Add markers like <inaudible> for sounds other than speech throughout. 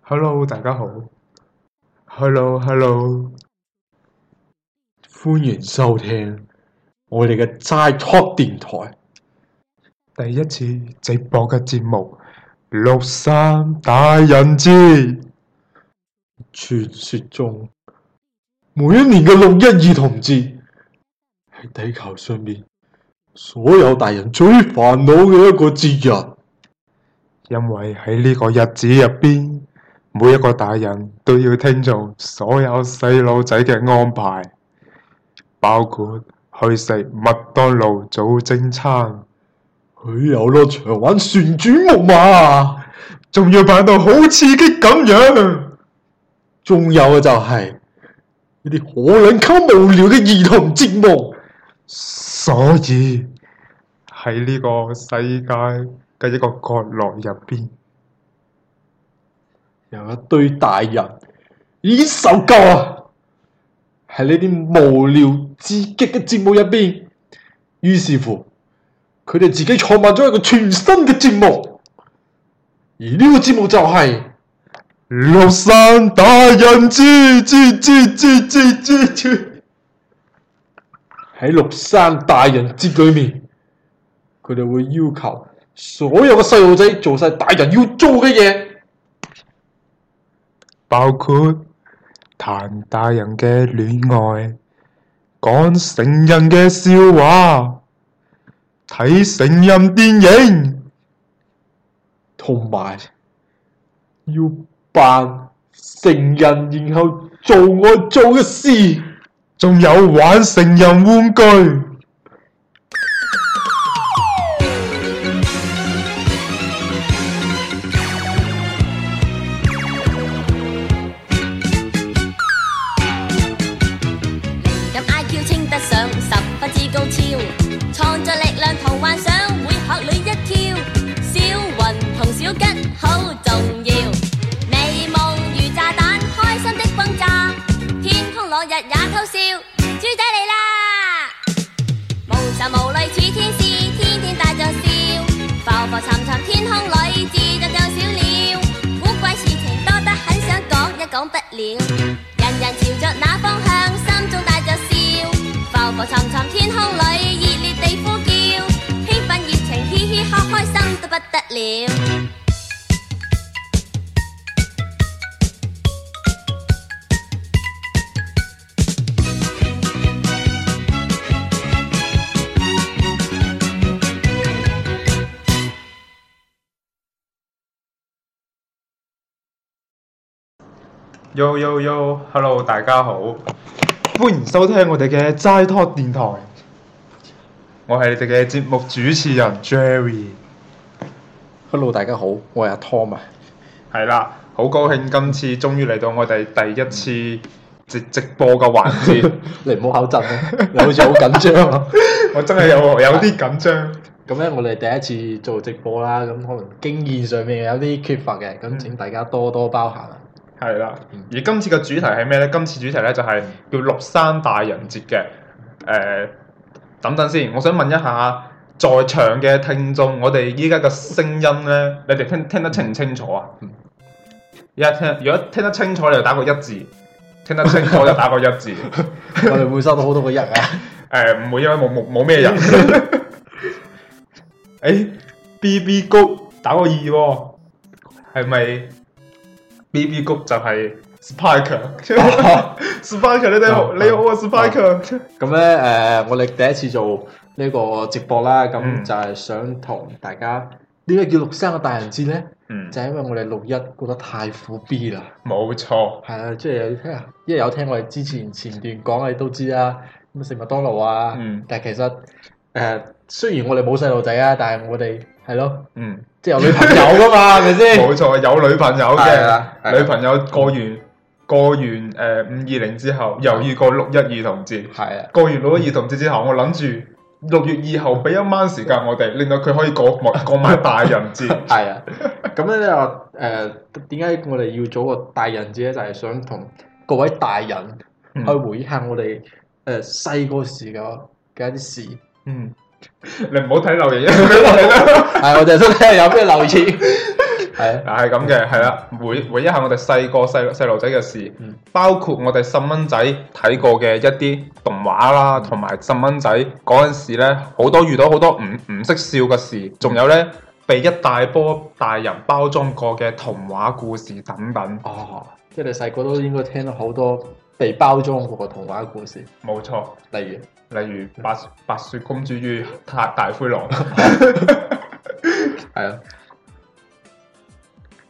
Hello，大家好。Hello，Hello，hello。歡迎收聽我哋嘅齋 talk 電台第一次直播嘅節目《六三大人之傳說中》。每一年嘅六一兒童節，係地球上面所有大人最煩惱嘅一個節日，因為喺呢個日子入邊，每一個大人都要聽從所有細路仔嘅安排，包括去食麥當勞早精餐，去遊樂場玩旋轉木馬，仲要扮到好刺激咁樣，仲有嘅就係、是。呢啲可能級無聊嘅兒童節目，所以喺呢個世界嘅一個角落入邊，有一堆大人已經受夠啦。喺呢啲無聊至極嘅節目入邊，於是乎，佢哋自己創辦咗一個全新嘅節目，而呢個節目就係、是。六三大人節，節，節，節，節，節，喺六三大人節裏面，佢哋會要求所有嘅細路仔做晒大人要做嘅嘢，包括談大人嘅戀愛，講成人嘅笑話，睇成人電影，同埋要。扮成人，然後做我做嘅事，仲有玩成人玩具。人人朝着那方向，心中帶着笑，浮浮沉沉，天空裏熱烈地呼叫，興奮熱情，嘻嘻哈，開心得不得了。Yo Yo Yo，Hello 大家好， <noise> 歡迎收聽我哋嘅齋 talk 電台，我係你哋嘅節目主持人 Jerry。Hello 大家好，我係阿 Tom <noise> 啊。係啦，好高興今次終於嚟到我哋第一次直直播嘅環節， <laughs> 你唔好口震啊！你好似好緊張啊！ <laughs> <laughs> 我真係有有啲緊張。咁咧，我哋第一次做直播啦，咁可能經驗上面有啲缺乏嘅，咁請大家多多多包涵啊！係啦，而今次嘅主題係咩呢？今次主題呢，就係叫六三大人節嘅。誒、呃，等等先，我想問一下在場嘅聽眾，我哋依家嘅聲音呢，你哋聽聽得清唔清楚啊？一聽，如果聽得清楚你就打個一字， <laughs> 聽得清楚就打個一字。 <laughs> <laughs> 我哋會收到好多個一啊。誒、呃，唔會，因為冇冇冇咩人。誒，B B 高打個二，哦，係咪？B B 谷就係 Spiker，Spiker，、啊 <laughs> Sp er, 你哋、啊、你好啊 Spiker。咁咧誒，er 啊、我哋第一次做呢個直播啦，咁就係想同大家，點解、嗯、叫六三嘅大人節咧？嗯，就係因為我哋六一過得太苦逼啦。冇錯。係啊，即係有聽，因為有聽我哋之前前段講，你都知啦、啊，咩食麥當勞啊。嗯。但其實誒、啊，雖然我哋冇細路仔啊，但係我哋。係咯，嗯，即係有女朋友噶嘛，係咪先？冇錯，有女朋友嘅。的女朋友過完、嗯、過完誒五二零之後，又要過六一兒童節。係啊的。過完六一兒童節之後，我諗住六月二號俾一晚時間 <laughs> 我哋，令到佢可以過過埋大人節。係啊。咁咧就誒，點解我哋要做個大人節咧？就係想同各位大人去回憶下我哋誒細個時嘅嘅一啲事。嗯。 <laughs> 嗯嗯你唔好睇留言，係 <laughs> 我哋都聽下有咩留言，係啊， <laughs> 係咁嘅，係啦，回回憶下我哋細個細細路仔嘅事，嗯、包括我哋細蚊仔睇過嘅一啲動畫啦，同埋細蚊仔嗰陣時咧，好多遇到好多唔唔識笑嘅事，仲有呢，被一大波大人包裝過嘅童話故事等等。哦，即係你細個都應該聽咗好多。被包裝嗰個童話嘅故事，冇錯錯。例如，例如的白雪，白雪公主與大大灰狼，係啊。 <laughs> <laughs>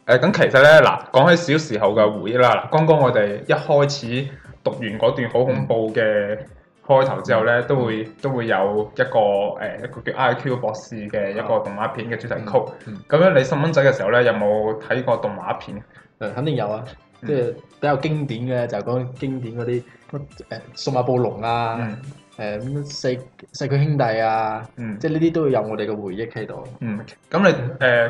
誒， <noise> 咁其實咧，嗱，講起小時候嘅回憶啦。嗱， <noise> 剛剛我哋一開始讀完嗰段好恐怖嘅開頭之後咧，都會都會有一個誒一個叫 I Q 博士嘅一個動畫片嘅主題曲。咁樣，你細蚊仔嘅時候咧，有冇睇過動畫片？誒，肯定有啊。即係、嗯、比較經典嘅，就係、是、講經典嗰啲，誒、呃《數碼暴龍》啊，誒咁四驅兄弟啊，嗯、即係呢啲都會有我哋嘅回憶喺度。嗯，咁你誒，咁、呃、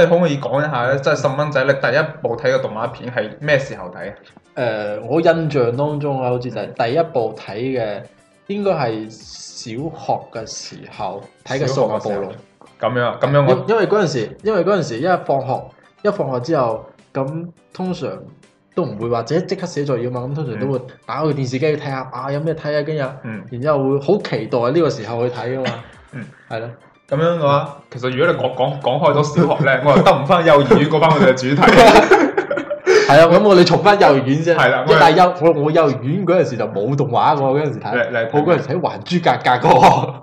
你可唔可以講一下咧？即係細蚊仔，你第一部睇嘅動畫片係咩時候睇？誒、呃，我印象當中啊，好似就係第一部睇嘅應該係小學嘅時候睇嘅《數碼暴龍》的。咁樣，咁樣，樣我因，因為嗰陣時，因為嗰陣時一放學，一放學之後。咁通常都唔會或者即刻寫作業嘛，咁通常都會打開電視機去睇下啊，有咩睇啊今日？嗯，然之後會好期待呢個時候去睇啊嘛，嗯，係咯的，咁樣嘅話，其實如果你講講講開咗小學咧， <laughs> 我又得唔翻幼兒園嗰班佢哋嘅主題。 <laughs> <laughs> 係啊，咁我哋重翻幼稚園啫，即係幼我我幼稚園嗰陣時就冇動畫，我嗰時睇嚟嚟鋪嗰陣時睇《還珠格格》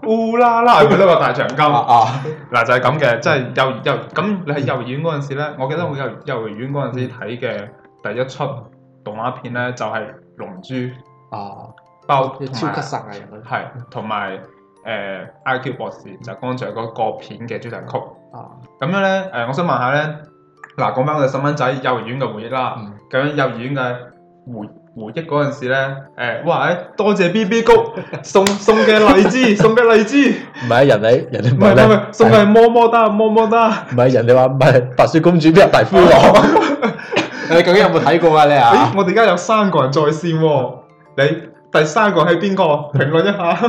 個烏啦啦得個大長今啊，嗱就係咁嘅。即係幼幼咁你喺幼稚園嗰陣時咧，我記得我幼幼稚園嗰陣時睇嘅第一出動畫片咧就係《龍珠》啊，包超級殺人係同埋誒 IQ 博士就係剛才嗰個片嘅主題曲啊，咁樣咧誒，我想問下咧。嗱，講翻我哋細蚊仔、幼稚園嘅回憶啦，咁樣幼稚園嘅回回憶嗰陣時呢，誒，哇！誒，多謝 B B 谷送送嘅荔枝，送嘅荔枝。唔係人哋人哋唔係唔係送嘅係麼麼噠，麼麼噠。唔係人哋話唔係白雪公主邊個大灰狼？你究竟有冇睇過啊？你啊？我哋而家有三個人在線喎，你第三個係邊個？評論一下。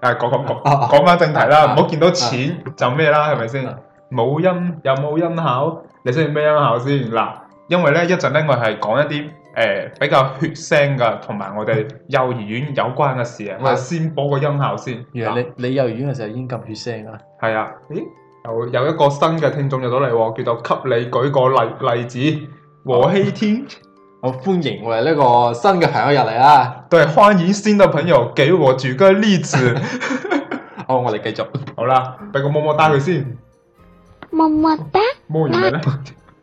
啊，講講講講翻正題啦，唔好見到錢就咩啦，係咪先？冇音有冇音效？你需要咩音效先嗱？因為咧一陣咧我係講一啲誒、呃、比較血腥噶，同埋我哋幼兒園有關嘅事啊。我哋先播個音效先。原來啦你你幼兒園嘅時候已經咁血腥啊？係啊。咦？有有一個新嘅聽眾入到嚟喎，叫做給你舉個例例子。和希天，我、哦、歡迎我哋呢個新嘅朋友入嚟啊。對，歡迎新嘅朋友，給我舉個例子。 <laughs> 好，我哋繼續。好啦，俾個麼么噠佢先。摸摸得，摸完咧，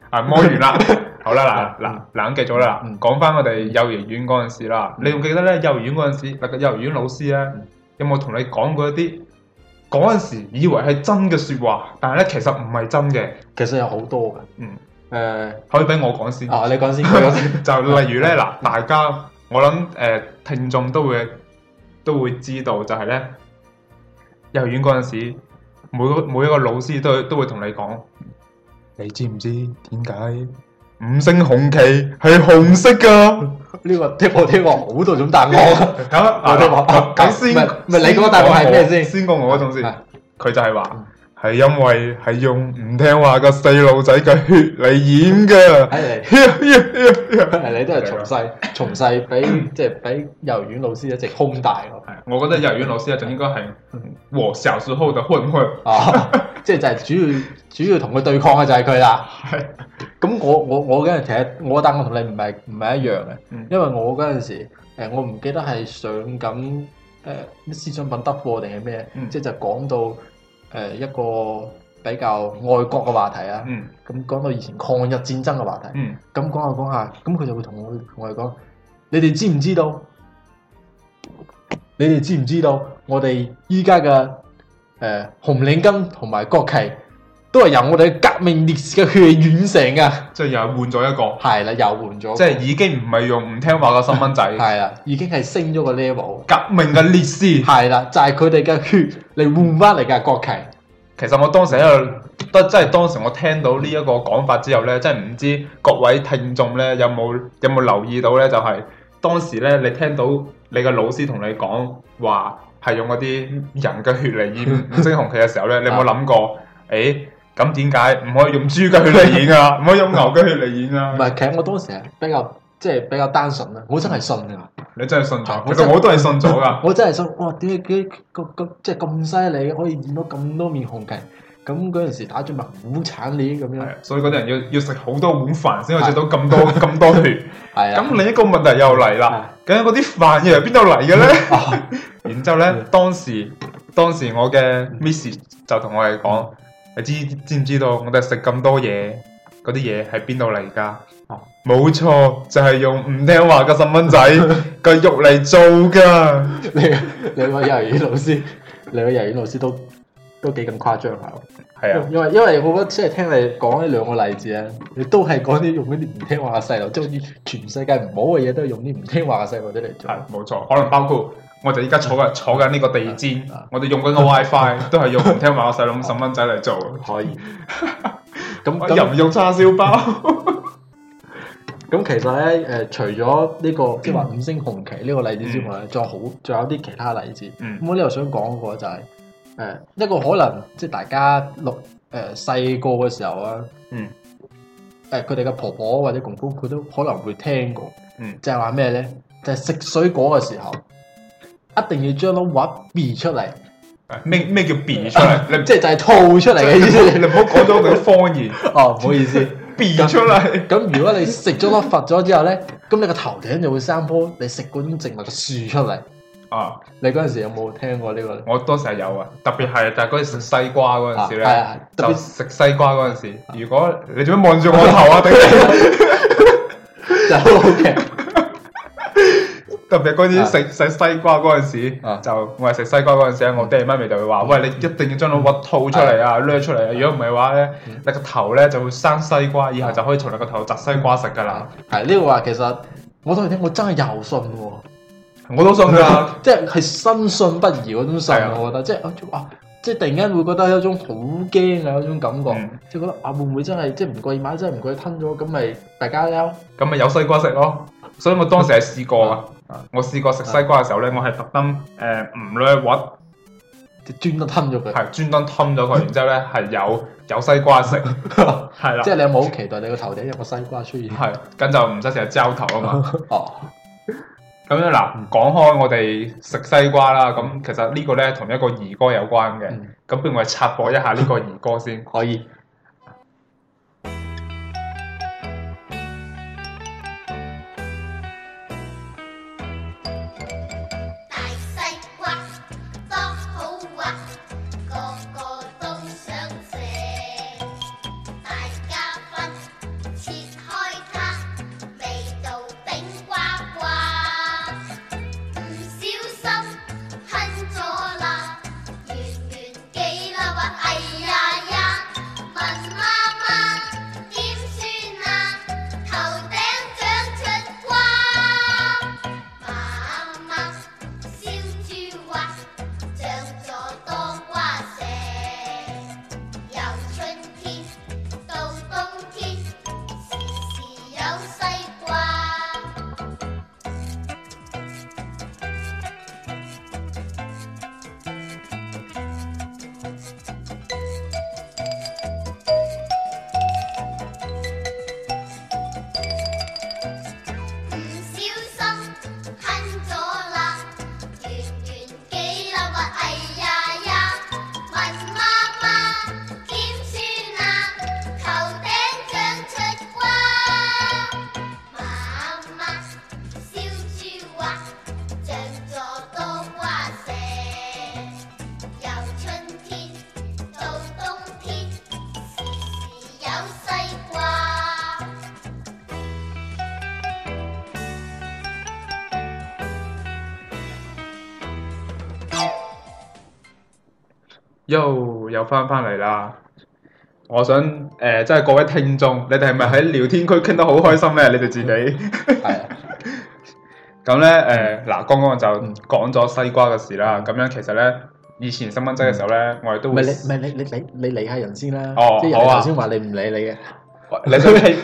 啊 <laughs> 摸完啦了， <laughs> 好啦嗱嗱，咁 <laughs> 冷靜咗啦，嗯，講翻我哋幼兒園嗰陣時啦，嗯、你仲記得咧？幼兒園嗰陣時，嗱幼兒園老師咧，嗯、有冇同你講過一啲嗰陣時以為係真嘅說話，但係咧其實唔係真嘅？其實，其實有好多噶，嗯，誒， <laughs> 可以俾我講先啊，你講先，先 <laughs> 就例如咧嗱，大家我諗誒聽眾都會都會知道，就係咧幼兒園嗰陣時。每一個老師都會都會同你講，你知唔知點解五星紅旗係紅色㗎？呢個聽過聽過好多種答案嘅、 <laughs> 啊，先唔係你嗰個答案係咩先？先過，先過我嗰種先，佢、嗯、就係話。嗯係 <music> 因為係用唔聽話嘅細路仔嘅血嚟演㗎。係 <laughs> 你都係從細從細俾即係俾幼兒園老師一直兇大咯。係 <coughs> 我覺得幼兒園老師一直應該係我小時候的混混啊，即 <laughs> 係、oh, 就係主要主要同佢對抗嘅就係佢啦。係咁， <coughs> <coughs> 我我我嗰陣其實我覺得我同你唔係唔係一樣嘅， <coughs> 因為我嗰陣時誒、呃、我唔記得係上緊誒、呃、思想品德課定係咩，即係 <coughs> <coughs> 就講、是、到。誒一個比較愛國嘅話題啊，咁、嗯、講到以前抗日戰爭嘅話題，咁、嗯、講下講下，咁佢就會同我同我哋講，你哋知唔知道？你哋知唔知道我我哋依家嘅誒紅領巾同埋國旗，都係由我哋革命烈士嘅血染成噶，即係又換咗一個，係啦，又換咗，即係已經唔係用唔聽話嘅新蚊仔，係啦， <laughs> 已經係升咗個 level。革命嘅烈士，係啦， <laughs> 就係佢哋嘅血嚟換翻嚟嘅國旗。其實我當時喺度，都真係當時我聽到呢一個講法之後呢，真係唔知各位聽眾呢有冇有冇留意到呢？就係當時呢，你聽到你嘅老師同你講話係用嗰啲人嘅血嚟染五星紅旗嘅時候呢， <laughs> 你有冇諗過？誒、 <laughs> 欸？咁點解唔可以用豬雞血嚟演啊？唔可以用牛雞血去嚟演啊？唔係，其實我當時係比較即係比較單純啦，我真係信㗎。你真係信咗，其實我都係信咗㗎。我真係信，哇！點解佢個即係咁犀利，可以演到咁多面紅旗？咁嗰陣時打戰物好慘烈咁樣。所以嗰啲人要要食好多碗飯先可以食到咁多咁多血。係啊。咁另一個問題又嚟啦，咁嗰啲飯要由邊度嚟嘅咧？然之後咧，當時當時我嘅 Miss 就同我哋講。你知知唔知道？知知道我哋食咁多嘢，嗰啲嘢喺邊度嚟噶？哦、啊，冇錯，就係、是、用唔聽話嘅細蚊仔嘅肉嚟做噶。 <laughs> 你兩個幼兒園老師， <laughs> 兩個幼兒園老師都都幾咁誇張下。係啊因，因為因為我覺得即係聽你講呢兩個例子啊，你都係講啲用啲唔聽話嘅細路，即係全世界唔好嘅嘢都係用啲唔聽話嘅細路啲嚟做。係，冇錯，可能包括。我哋依家坐緊坐緊呢個地氈，我哋 <laughs> 用緊個 WiFi，都係用唔聽話我細佬五十蚊仔嚟做，人做。可以 <laughs> 那，咁又唔用叉燒包。咁笑笑其實咧，誒、呃，除咗呢、這個即係話五星紅旗呢個例子之外咧，仲、嗯、好，仲有啲其他例子。咁、嗯、我呢度想講過就係、是，誒、嗯，一個可能即係大家六誒、呃、細個嘅時候啊，誒佢哋嘅婆婆或者公公佢都可能會聽過，即係話咩咧？就係、是、食水果嘅時候。一定要將粒核別出嚟，咩咩叫別出嚟？即係就係吐出嚟嘅意思。你唔好講咗佢啲方言。哦，唔好意思，別出嚟。咁如果你食咗粒核咗之後咧，咁你個頭頂就會生棵你食嗰種植物嘅樹出嚟。啊！你嗰陣時有冇聽過呢個？我當時係有啊，特別係但係嗰陣食西瓜嗰陣時特別就食西瓜嗰陣時，如果你做咩望住我頭啊頂？就 OK。特別嗰啲食食西瓜嗰陣時，就我係食西瓜嗰陣時，我爹媽咪就會話：喂，你一定要將個核吐出嚟啊，攣出嚟啊！如果唔係話咧，你個頭咧就會生西瓜，以後就可以從你個頭摘西瓜食噶啦。係呢個話，其實我都係聽我真係由信喎，我都信㗎，即係係深信不疑嗰種信，我覺得即係啊哇！即係突然間會覺得有一種好驚啊，有一種感覺，就覺得啊會唔會真係即係唔過意買，真係唔過意吞咗咁咪大家撈？咁咪有西瓜食咯！所以我當時係試過啊。我試過食西瓜嘅時候咧，我係、呃、特登誒唔咧揾，專登吞咗佢，係專登吞咗佢，然之後咧係有有西瓜食，係啦 <laughs> 了。即係你有冇期待你個頭頂有個西瓜出現？係，咁就唔使成日焦頭啊嘛。 <laughs> 哦，咁樣嗱，講開我哋食西瓜啦，咁其實個呢個咧同一個兒歌有關嘅，咁不如我哋插播一下呢個兒歌先，可以。又又翻翻嚟啦！我想誒，即係各位聽眾，你哋係咪喺聊天區傾得好開心咧？你哋自己係啊。咁咧誒，嗱，剛剛就講咗西瓜嘅事啦。咁樣其實咧，以前新蚊仔嘅時候咧，我哋都唔係你，唔係你，你你你理下人先啦。哦，好啊。頭先話你唔理你嘅。你你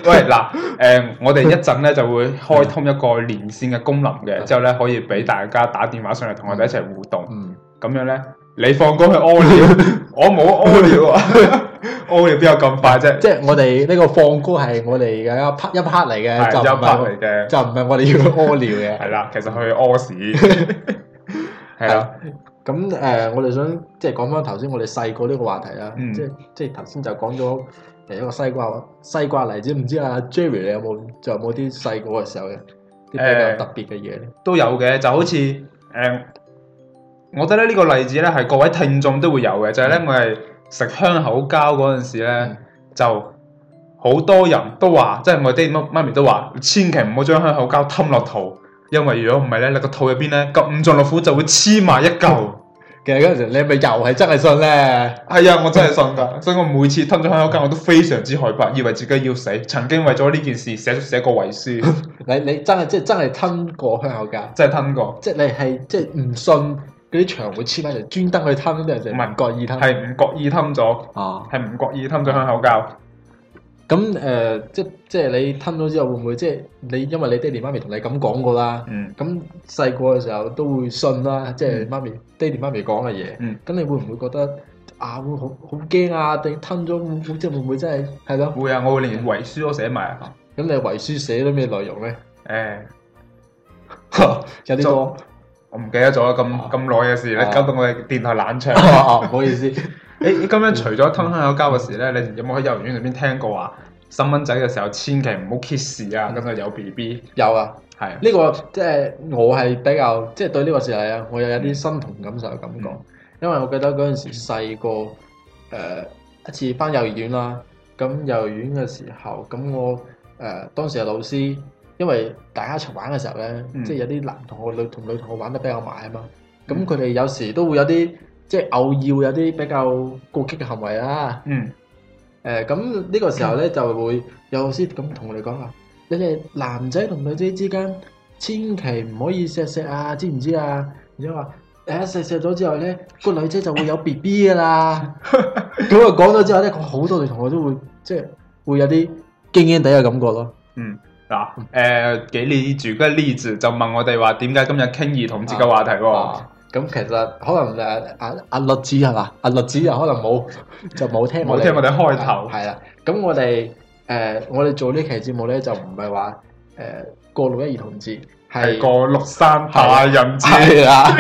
喂嗱，誒，我哋一陣咧就會開通一個連線嘅功能嘅，之後咧可以俾大家打電話上嚟同我哋一齊互動。嗯，咁樣咧。你放歌去屙尿， <laughs> 我冇屙尿啊！屙尿邊有咁快啫？即係我哋呢個放歌係我哋嘅一 part 一 part 嚟嘅，是就嚟嘅，就唔係我哋要屙尿嘅。係啦，其實去屙屎係啊。咁 <laughs> 誒是的、 <laughs> 嗯呃，我哋想即係講翻頭先我哋細個呢個話題啦、嗯。即即係頭先就講咗一個西瓜，西瓜例子，唔知阿、啊、Jerry 你有冇就有冇啲細個嘅時候嘅啲比較特別嘅嘢咧？都有嘅，就好似誒。嗯我覺得咧呢個例子咧係各位聽眾都會有嘅，就係咧我係食香口膠嗰陣時咧，嗯、就好多人都話，即、就、係、是、我爹媽咪都話，千祈唔好將香口膠吞落肚，因為如果唔係咧，你個肚入邊咧咁五臟六腑就會黐埋一嚿。其實嗰陣時你咪又係真係信咧？係啊、哎，我真係信噶， <laughs> 所以我每次吞咗香口膠，我都非常之害怕，以為自己要死。曾經為咗呢件事寫寫過遺書。 <laughs> 你你真係即係真係吞過香口膠？真係吞過。即、就、係、是、你係即係唔信？嗰啲腸會黐埋，嚟專登去吞都就係。唔覺意吞，係唔覺意吞咗，係唔覺意吞咗香口膠。咁誒、呃，即係即係你吞咗之後會會，會唔會即係你？因為你爹哋媽咪同你咁講過啦。嗯。咁細個嘅時候都會信啦，即係媽咪、爹哋、媽咪講嘅嘢。嗯。咁、嗯、你會唔會覺得啊？會好好驚啊？定吞咗，即係會唔會真係係咯？會啊！的我會連遺書都寫埋啊！咁你遺書寫咗咩內容咧？誒 <laughs> <laughs> 點多， <laughs> 有啲多。我唔記得咗咁咁耐嘅事咧，搞到我哋電台冷場，唔好意思。誒，你咁樣除咗吞香口膠嘅時咧，你有冇喺幼兒園裏邊聽過話，細蚊仔嘅時候，千祈唔好 kiss 啊！咁就有 B B。有啊，係呢個即係我係比較即係對呢個事係啊，我有啲身同感受嘅感覺。因為我記得嗰陣時細個誒一次翻幼兒園啦，咁幼兒園嘅時候，咁我誒當時係老師。因為大家一齊玩嘅時候咧，即係有啲男同學、女同女同學玩得比較埋啊嘛。咁佢哋有時都會有啲，即係偶爾會有啲比較過激嘅行為啦。嗯。誒，咁呢個時候咧就會有老師咁同我哋講話：你哋男仔同女仔之間千祈唔可以錫錫啊，知唔知啊？而且話誒錫錫咗之後咧，個女仔就會有 BB 噶啦。咁啊講咗之後咧，我好多女同學都會即係會有啲驚驚地嘅感覺咯。嗯。嗱，誒幾年住個例子就問我哋話點解今日傾兒童節嘅話題喎？咁、啊、其實可能誒阿阿律子係咪？阿、啊、律子又可能冇就冇聽冇聽我哋開頭係啦。咁、啊、我哋誒、呃、我哋做呢期節目咧就唔係話誒過六一兒童節，係過六三大人節啊。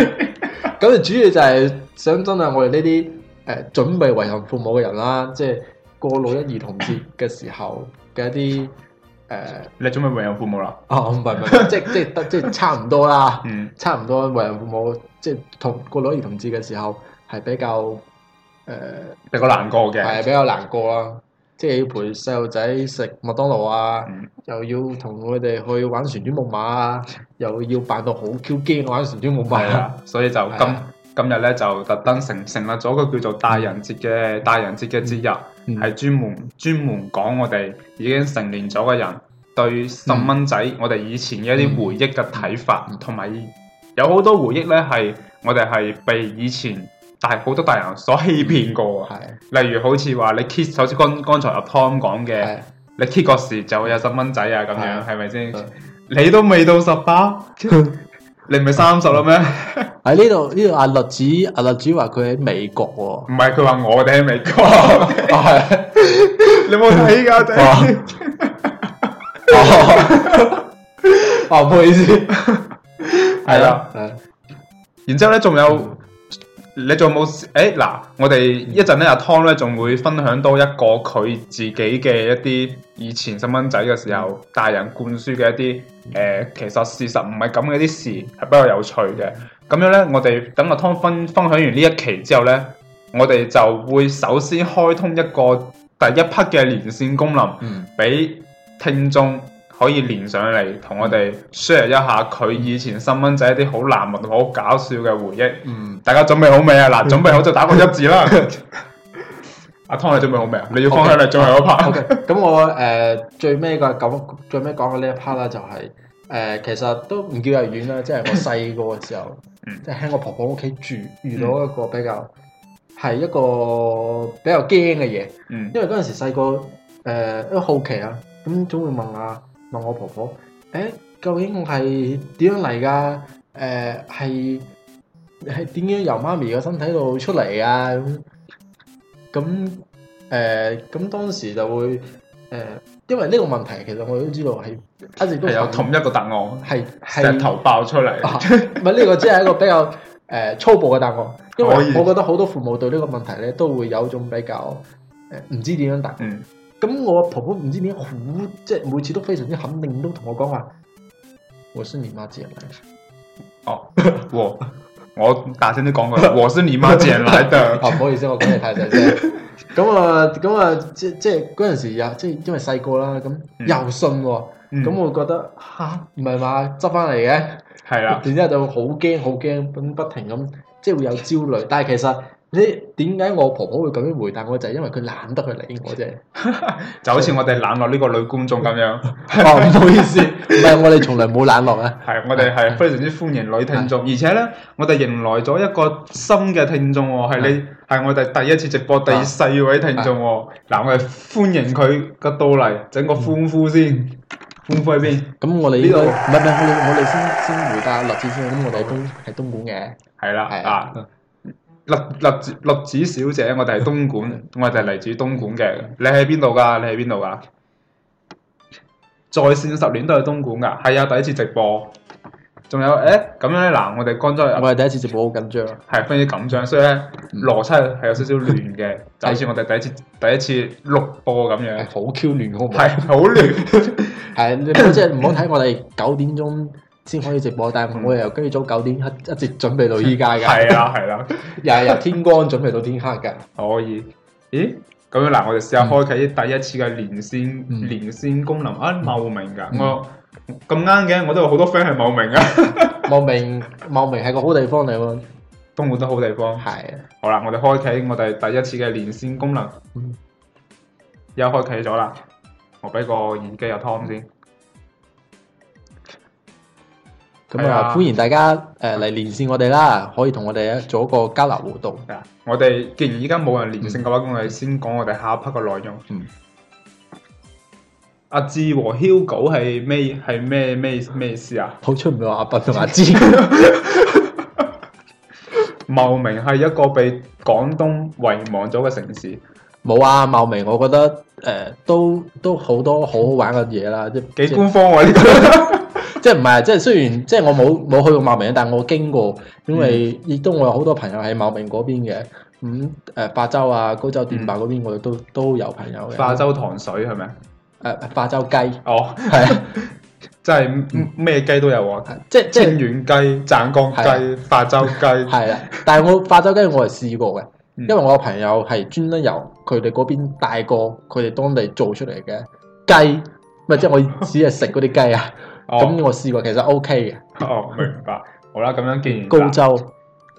咁就 <laughs> 主要就係想真係我哋呢啲誒準備遺憾父母嘅人啦，即、就、係、是、過六一兒童節嘅時候嘅一啲。誒，你做咩為人父母啦？哦、oh,，唔係唔係，即係即係得，即、就、係、是、差唔多啦。 <laughs> 嗯，差唔多為人父母，即係同個女兒同志嘅時候，係比較誒、呃、比較難過嘅，係比較難過啦。即、就、係、是、要陪細路仔食麥當勞啊，嗯、又要同佢哋去玩旋轉木馬啊，又要扮到好 Q 驚玩旋轉木馬、啊 <laughs> 啊，所以就咁。今日咧就特登成成立咗個叫做大人節嘅、嗯、大人節嘅節日，係專、嗯、門專門講我哋已經成年咗嘅人對細蚊仔、嗯、我哋以前嘅一啲回憶嘅睇法，同埋、嗯、有好多回憶呢，係我哋係被以前但係好多大人所欺騙過，的例如好似話你 kiss，好似剛剛才阿 Tom 講嘅，你 kiss 嗰的時就會有細蚊仔啊，咁樣係咪先？你都未到十八。你唔係三十啦咩？喺呢度呢度，阿栗子阿栗子話佢喺美國喎，唔係佢話我哋喺美國，你冇睇㗎，真係，哦，不好意思，係啦，然之後咧仲有。你仲有冇？誒、欸、嗱，我哋一陣咧阿湯咧仲會分享多一個佢自己嘅一啲以前細蚊仔嘅時候，大人灌輸嘅一啲誒、呃，其實事實唔係咁嘅一啲事，係比較有趣嘅。咁樣咧，我哋等阿湯分分享完呢一期之後咧，我哋就會首先開通一個第一批嘅連線功能、嗯，俾聽眾。可以連上嚟同我哋 share 一下佢以前細蚊仔一啲好難忘、好搞笑嘅回憶。嗯，大家準備好未啊？嗱，準備好就打個一字啦。 <laughs> 阿湯，你準備好未啊？你要放喺你最後一 part。OK 咁我誒、呃、最尾個講最尾講嘅呢一 part 啦，就係、是、誒、呃、其實都唔叫入院啦，即、就、係、是、我細個嘅時候，即係喺我婆婆屋企住遇到一個比較係、嗯、一個比較驚嘅嘢。嗯、因、呃，因為嗰陣時細個誒都好奇啊，咁總會問阿。問我婆婆，誒，究竟我係點樣嚟㗎？誒、呃，係係點樣由媽咪嘅身體度出嚟啊？咁咁誒，咁、呃、當時就會誒、呃，因為呢個問題，其實我都知道係一直都係有同一個答案，係石是頭爆出嚟、啊。唔係呢個只係一個比較誒、 <laughs> 呃、粗暴嘅答案，因為以我覺得好多父母對呢個問題咧都會有一種比較誒唔、呃、知點樣答。嗯咁我婆婆唔知點解好，即係每次都非常之肯定都同我講話，我是你媽姐來的。哦，我我大聲都講過， <laughs> 我是你媽姐來的。哦，唔好意思，我講你 <coughs> 太大聲。咁、嗯、啊，咁、嗯、啊，即即係嗰陣時啊，即係因為細個啦，咁又信喎，咁、嗯、我覺得吓唔係嘛，執翻嚟嘅係啦，然之後就好驚好驚，咁不停咁即係會有焦慮，但係其實。你點解我婆婆會咁樣回答我？就係因為佢懶得去理我啫，就好似我哋冷落呢個女觀眾咁樣。哦，唔好意思，唔係我哋從來冇冷落啊。係，我哋係非常之歡迎女聽眾，而且咧，我哋迎來咗一個新嘅聽眾喎，係你係我哋第一次直播第四位聽眾喎。嗱，我哋歡迎佢嘅到嚟，整個歡呼先，歡呼喺邊？咁我哋呢度，唔係我哋，我哋先先回答立志先，咁我哋都喺東莞嘅。係啦，啊。栗栗子栗子小姐，我哋係東莞， <laughs> 我哋係嚟自東莞嘅。你喺邊度噶你喺邊度噶在線十年都係東莞噶。係啊，第一次直播。仲有誒，咁、欸、樣咧嗱，我哋廣州，我哋第一次直播，好緊張，係非常之緊張，所以咧邏輯係有少少亂嘅，就好似我哋第一次第一次錄播咁樣，好 Q 亂，好唔係好亂，係 <laughs> 即係唔好睇我哋九點鐘先可以直播，但係我哋又跟住早九點一一直準備到依家噶係啦係啦，又係 <laughs> 由天光準備到天黑噶，可以。咦，咁樣嗱，我哋試下開啟第一次嘅連線、嗯、連線功能。啊，茂名噶，嗯、我咁啱嘅，我都有好多 friend 係茂名啊。茂 <laughs> 名茂名係個好地方嚟喎，東莞都好地方。係的。好啦，我哋開啟我哋第一次嘅連線功能。嗯。又開啟咗啦，我俾個耳機入湯先。咁啊、嗯，歡迎大家誒嚟、呃嗯、連線我哋啦，可以同我哋做一個交流活動。啊、我哋既然依家冇人連線嘅話，咁我哋先講我哋下一 part 嘅內容。阿志和 h 囂狗係咩？係咩咩咩意思啊？好出名啊！阿伯同 <laughs> 阿志， <laughs> 茂名係一個被廣東遺忘咗嘅城市。冇啊！茂名，我覺得誒、呃、都都好多好好玩嘅嘢啦，即幾官方喎呢個。 <laughs> <laughs> 即係唔係？即係雖然即係我冇冇去過茂名，但係我經過，因為亦都我有好多朋友喺茂名嗰邊嘅。咁誒化州啊，高州電白嗰邊，我哋都都有朋友嘅。化州糖水係咪啊？誒化州雞哦，係啊，即係咩雞都有喎。即係清遠雞、湛江雞、化州雞係啦。但係我化州雞我係試過嘅，因為我個朋友係專登由佢哋嗰邊帶過佢哋當地做出嚟嘅雞，咪即係我只係食嗰啲雞啊。咁、哦、我試過，其實 O K 嘅。哦，明白。好啦，咁樣既然高州，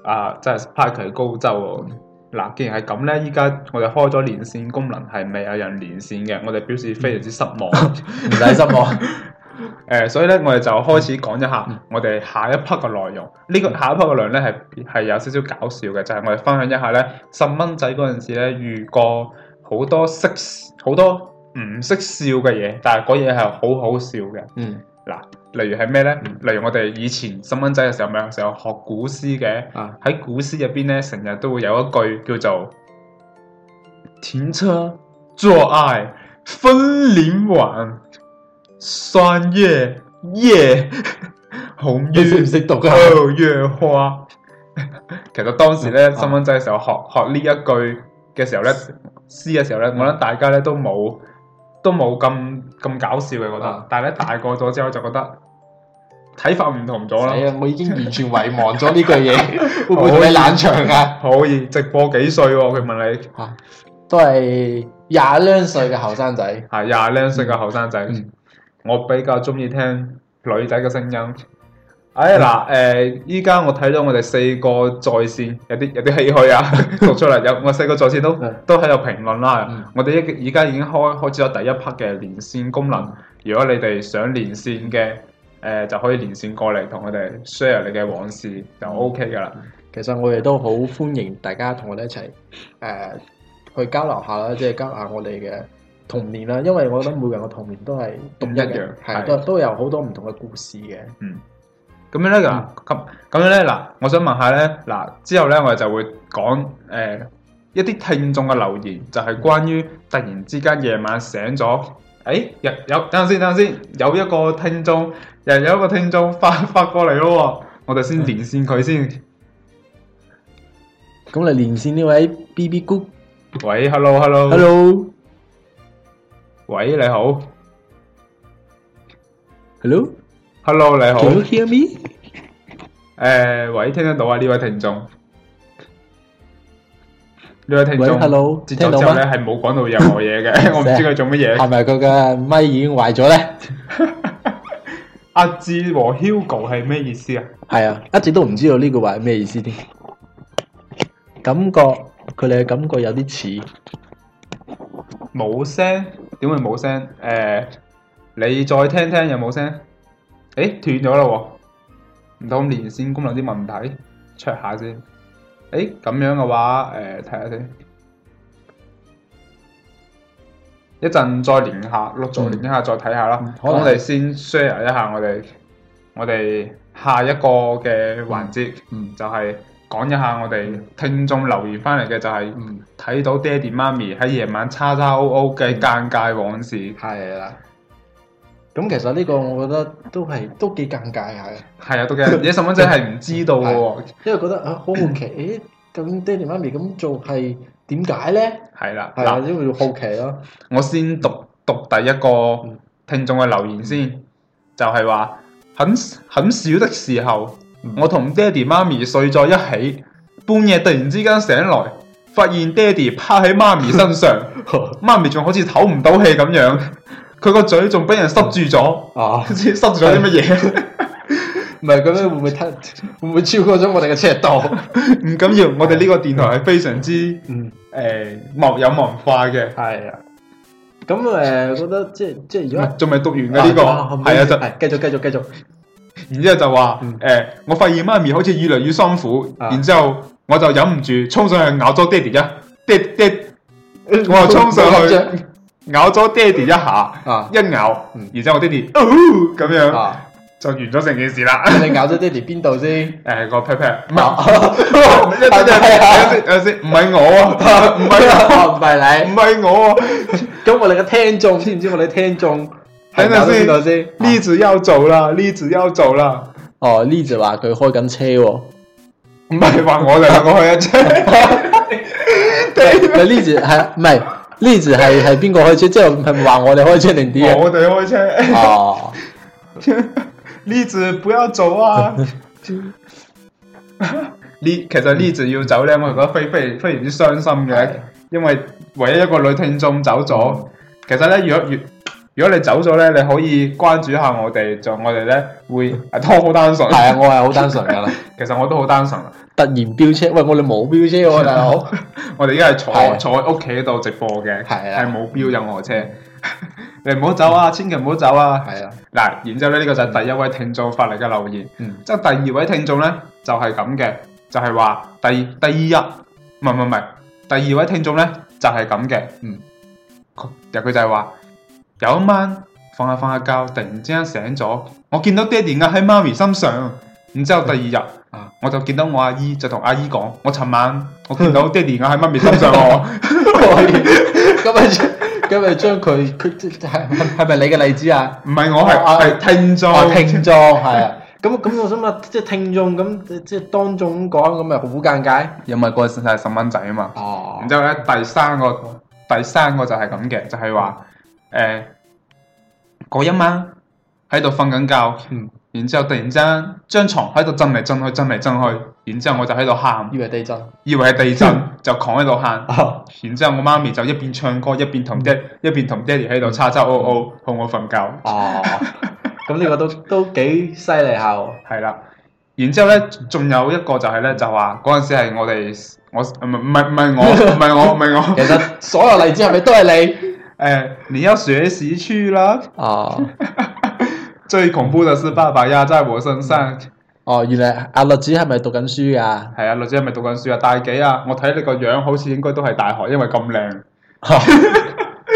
啊、呃，真係派佢去高州喎。嗱、嗯，既然係咁咧，依家我哋開咗連線功能，係未有人連線嘅，我哋表示非常之失望。唔使、嗯、 <laughs> 失望。誒、 <laughs> 呃，所以咧，我哋就開始講一下我哋下一 part 嘅內容。呢、嗯、個下一 part 嘅內容咧，係係有少少搞笑嘅，就係、是、我哋分享一下咧，細蚊仔嗰陣時咧，遇過好多識好多唔識笑嘅嘢，但係嗰嘢係好好笑嘅。嗯。嗱，例如係咩咧？例如我哋以前細蚊仔嘅時候，咪有時候學古詩嘅。喺、啊、古詩入邊咧，成日都會有一句叫做“停車坐愛楓林晚，霜葉夜，紅於二月花”懂懂懂啊。其實當時咧，啊、細蚊仔嘅時候學學呢一句嘅時候咧，詩嘅時候咧，我諗、嗯、大家咧都冇。都冇咁咁搞笑嘅，覺得、啊，但係咧大個咗之後就覺得睇法唔同咗啦。係 <laughs> 啊，我已經完全遺忘咗呢句嘢。 <laughs> 會唔會同你冷場啊？可以直播幾歲喎、啊？佢問你嚇、啊，都係廿零歲嘅後生仔。係廿零歲嘅後生仔。嗯、我比較中意聽女仔嘅聲音。嗯哎嗱，誒，依家我睇到我哋四個在綫，有啲有啲唏嘘啊， <laughs> 讀出嚟有我四個在綫都 <laughs> 都喺度評論啦。嗯、我哋而家已經開開始咗第一 part 嘅連綫功能，如果你哋想連綫嘅，誒、呃、就可以連綫過嚟同我哋 share 你嘅往事，就 OK 噶啦。其實我哋都好歡迎大家同我哋一齊，誒、呃、去交流下啦，即係交流下我哋嘅童年啦。因為我覺得每個人嘅童年都係唔一,一,一樣，係都的都有好多唔同嘅故事嘅。嗯。咁樣咧嗱，咁咁樣咧嗱，我想問下咧嗱，之後咧我哋就會講誒一啲聽眾嘅留言，就係關於突然之間夜晚醒咗，誒有有等陣先等陣先，有一個聽眾又有一個聽眾發發過嚟咯，我哋先連線佢先。咁嚟連線呢位 B B 姑，喂，Hello，Hello，Hello，喂，你好，Hello。Hello，你好。Do you hear me？誒，喂，聽得到啊？呢位聽眾，呢位聽眾，喂，Hello，聽到嗎？係冇講到任何嘢嘅，我唔知佢做乜嘢。係咪佢嘅咪已經壞咗咧？阿志和 Hugo 係咩意思啊？係啊，一直都唔知道呢句話係咩意思添。感覺佢哋嘅，感覺有啲似冇聲，點會冇聲？誒，你再聽聽有冇聲？誒，斷咗啦，唔通連線功能啲問題，check 下先。誒，咁樣嘅話，誒、呃，睇下先，一陣再連下，陸續連一下再睇下啦。好的我哋先 share 一下我哋我哋下一個嘅環節，嗯嗯、就係、是、講一下我哋聽眾留言翻嚟嘅，就係睇到爹哋媽咪喺夜晚叉叉 O O 嘅尷尬往事。係啦。咁其實呢個我覺得都係都幾尷尬下嘅，係啊，都幾嘅，細蚊仔係唔知道嘅喎，因為覺得啊好好奇，咁 <coughs> 究竟爹哋媽咪咁做係點解咧？係啦，係啦，因為好奇咯。我先讀讀第一個聽眾嘅留言先，嗯、就係話很很少的時候，我同爹哋媽咪睡在一起，半夜突然之間醒來，發現爹哋趴喺媽咪身上，媽 <laughs> 咪仲好似唞唔到氣咁樣。 <laughs> 佢個嘴仲俾人塞住咗啊！塞住咗啲乜嘢？唔係咁樣，會唔會太，會唔會超過咗我哋嘅尺度？唔緊要，我哋呢個電台係非常之誒莫有文化嘅。係啊，咁誒覺得即係即係如果仲未讀完嘅呢個係啊，就繼續繼續繼續。然之後就話誒，我發現媽咪好似越嚟越辛苦，然之後我就忍唔住衝上去咬咗爹哋一爹爹，我衝上去。咬咗爹哋一下啊，一咬，然之後我爹哋哦咁樣，就完咗成件事啦。你咬咗爹哋邊度先？誒，個 pat pat，唔係，一啲都係等先，等先，唔係我啊，唔係，唔係你，唔係我啊。咁我哋嘅聽眾，知唔知我哋嘅聽眾？等下先，等下先。栗子要走了，栗子要走了。哦，栗子話佢開緊車喎，唔係話我哋兩個開緊車。誒，栗子係，唔係。栗子係係邊個開車？之後係話我哋開車定點？我哋開車。哦、oh.，栗子不要走啊！呢 <laughs> 其實栗子要走咧，我係覺得非非非常之傷心嘅，Okay. 因為唯一一個女聽眾走咗。其實咧，如果越，越如果你走咗咧，你可以關注下我哋，就我哋咧，會係都好單純。係啊，我係好單純噶啦。其實我都好單純。突然飆車喂，我哋冇飆車喎，大佬。我哋依家係坐坐喺屋企度直播嘅，係冇飆任何車。你唔好走啊，千祈唔好走啊。係啊，嗱，然之後咧，呢個就係第一位聽眾發嚟嘅留言。嗯，即係第二位聽眾咧就係咁嘅，就係話第第二日唔係唔係唔係第二位聽眾咧就係咁嘅，嗯，其實佢就係話。有一晚，放下放下覺，突然之間醒咗，我見到爹哋壓喺媽咪身上。然之後第二日啊，我就見到我阿姨就同阿姨講，我尋晚我見到爹哋壓喺媽咪身上喎。咁咪咁咪將佢佢即係係咪你嘅例子啊？唔係我係係聽眾，聽眾係啊。咁咁我想問，即係聽眾咁即係當眾咁講咁咪好尷尬？因為個係細蚊仔啊嘛？哦。然之後咧第三個第三個就係咁嘅，就係話。誒，嗰一晚喺度瞓緊覺，然之後突然間張床喺度震嚟震去，震嚟震去，然之後我就喺度喊，以為地震，以為係地震，就狂喺度喊，然之後我媽咪就一邊唱歌一邊同爹一邊同爹哋喺度叉叉 O O 哄我瞓覺，哦，咁呢個都都幾犀利下喎，係啦，然之後咧仲有一個就係咧就話嗰陣時係我哋我唔係唔係唔係我唔係我唔係我，其實所有例子係咪都係你？誒、哎，你要學習去了？哦，oh. <laughs> 最恐怖的是爸爸壓在我身上。哦，oh, 原來阿、啊、栗子係咪讀緊書啊？係啊，栗子係咪讀緊書啊？大幾啊？我睇你個樣，好似應該都係大學，因為咁靚。Oh. <laughs>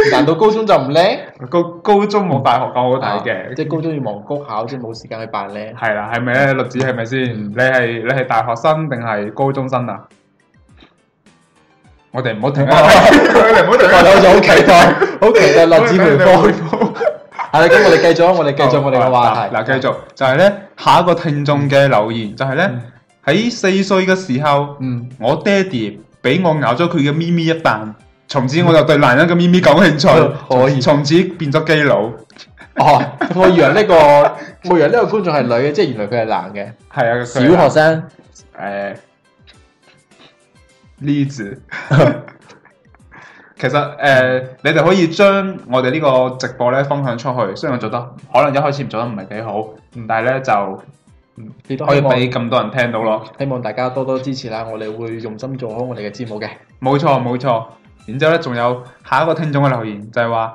<laughs> 難道高中就唔叻？高高中冇大學咁好睇嘅，即係高中要忙高考，即係冇時間去扮靚。係啦，係咪咧？栗子係咪先？你係你係大學生定係高中生啊？我哋唔好停啊！我仲好期待，好期待落子梅花。係咁，我哋繼續，我哋繼續，我哋嘅話題。嗱，繼續就係咧，下一個聽眾嘅留言就係咧，喺四歲嘅時候，我爹哋俾我咬咗佢嘅咪咪一啖，從此我就對男人嘅咪咪感興趣，從此變咗基佬。哦，我以為呢、這個，我以為呢個觀眾係女嘅，即係原來佢係男嘅。係 <laughs> 啊，小學生。誒、呃。呢字， <laughs> 其實誒、呃，你哋可以將我哋呢個直播咧分享出去。雖然我做得可能一開始唔做得唔係幾好，但係咧就可以俾咁多人聽到咯。希望大家多多支持啦，啊，我哋會用心做好我哋嘅節目嘅。冇錯冇錯，然之後咧仲有下一個聽眾嘅留言就係、是、話，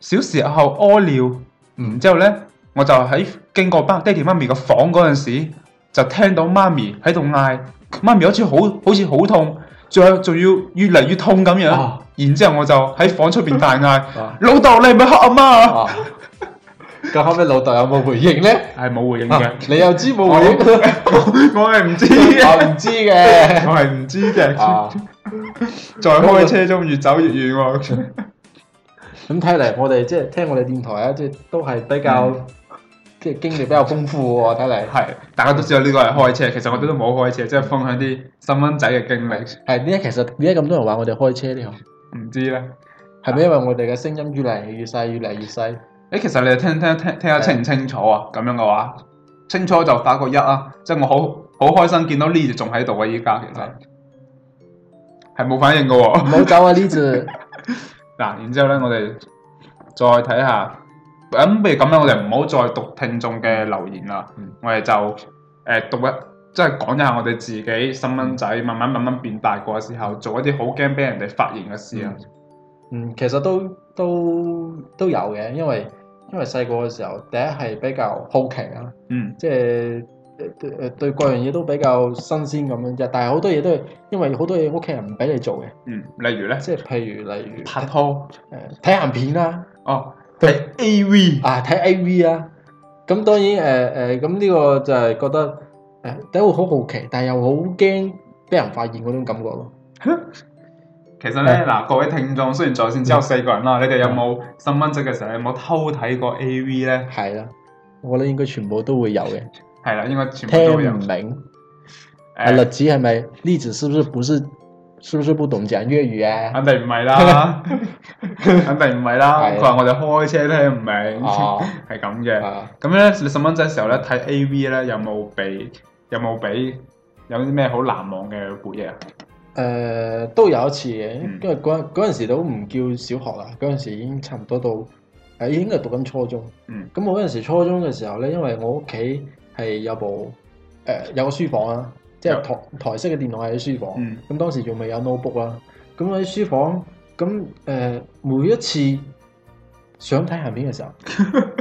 小時候屙尿，然、嗯嗯、之後咧我就喺經過爹哋媽咪個房嗰陣時。就聽到媽咪喺度嗌，媽咪好似好好似好痛，仲仲要越嚟越痛咁樣，啊、然之後我就喺房出邊大嗌、啊：老豆，你係咪黑阿媽啊！咁後尾老豆有冇回應咧？係冇回應嘅、啊，你又知冇回應？我係唔知嘅，唔知嘅，我係唔知嘅。再開車中越走越遠，咁睇嚟我哋即係聽我哋電台啊，即係都係比較。嗯嘅經歷比較豐富喎，睇嚟。係，大家都知道呢個係開車，其實我哋都冇開車，即係分享啲細蚊仔嘅經歷。係，點解其實點解咁多人話我哋開車咧？唔知咧，係咪因為我哋嘅聲音越嚟越細，越嚟越細？誒、欸，其實你聽聽聽聽得清唔清楚啊？咁的樣嘅話，清楚就打個一啊！即係我好好開心，見到 Liz 仲喺度啊！依家其實係冇的反應嘅喎、啊，唔好走啊 Liz 嗱，這個、 <laughs> 然之後咧，我哋再睇下。咁，不如咁樣，我哋唔好再讀聽眾嘅留言啦。我哋就誒讀一，即係講一下我哋自己細蚊仔慢慢慢慢變大個嘅時候，做一啲好驚俾人哋發現嘅事啊。嗯，其實都都都有嘅，因為因為細個嘅時候，第一係比較好奇啊。嗯，即係誒對各樣嘢都比較新鮮咁樣啫。但係好多嘢都係因為好多嘢屋企人唔俾你做嘅。嗯，例如咧，即係譬如例如拍拖，誒睇鹹片啦。哦。睇對 A,、啊、A V 啊，睇 A V 啊。咁當然誒誒，咁、呃、呢、呃嗯這個就係覺得誒，第一會好好奇，但係又好驚俾人發現嗰種感覺咯。其實咧，嗱、哎、各位聽眾，雖然在線只有四個人啦，嗯、你哋有冇細蚊仔嘅時候有冇偷睇過 A V 咧？係啦，我覺得應該全部都會有嘅。係啦， <laughs> 應該全部都會有。唔明？栗子係咪？栗子是，是，是不是不是？是不是不懂講粵語啊？肯定唔係啦， <laughs> 肯定唔係啦。佢話、啊、我哋開車都聽唔明，係咁嘅。咁咧， <laughs> 你細蚊仔時候咧睇、嗯、A V 咧，有冇俾有冇俾有啲咩好難忘嘅回憶啊？誒、呃，都有一次嘅，嗯、因為嗰嗰陣時都唔叫小學啦，嗰陣時已經差唔多到，誒、呃，應該係讀緊初中。嗯。咁我嗰陣時初中嘅時候咧，因為我屋企係有部誒、呃、有個書房啊。即係台台式嘅電腦喺書房，咁、嗯、當時仲未有 notebook 啦、啊。咁喺書房，咁誒、呃、每一次想睇下面嘅時候，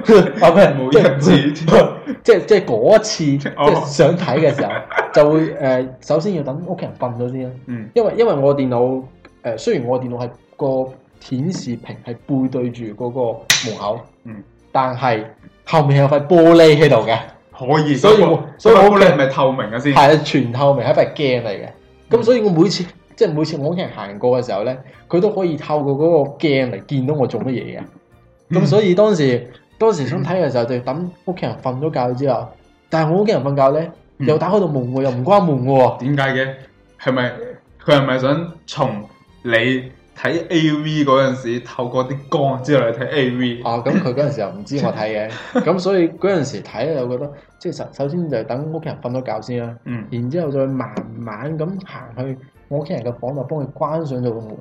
唔係每一次， <laughs> 即係即係嗰一次，即係、oh. 想睇嘅時候，就會誒、呃，首先要等屋企人瞓咗先啊。因為因為我電腦誒、呃，雖然我電腦係個顯示屏係背對住嗰個門口，嗯、但係後面係有塊玻璃喺度嘅。可以，所以我所以屋企人係咪透明嘅先，係啊，全透明係一塊鏡嚟嘅。咁、嗯、所以我每次即係每次我屋企人行過嘅時候咧，佢都可以透過嗰個鏡嚟見到我做乜嘢嘅。咁、嗯、所以當時當時想睇嘅時候就、嗯、等屋企人瞓咗覺之後，但係我屋企人瞓覺咧又打開度門喎，嗯、又唔關門嘅喎。點解嘅？係咪佢係咪想從你？睇 A V 嗰陣時，透過啲光之後嚟睇 A V。啊，咁佢嗰陣時又唔知我睇嘅，咁 <laughs> 所以嗰陣時睇咧，我覺得即係實首先就等屋企人瞓咗覺先啦、啊。嗯，然之後再慢慢咁行去我屋企人嘅房度，幫佢關上咗個門。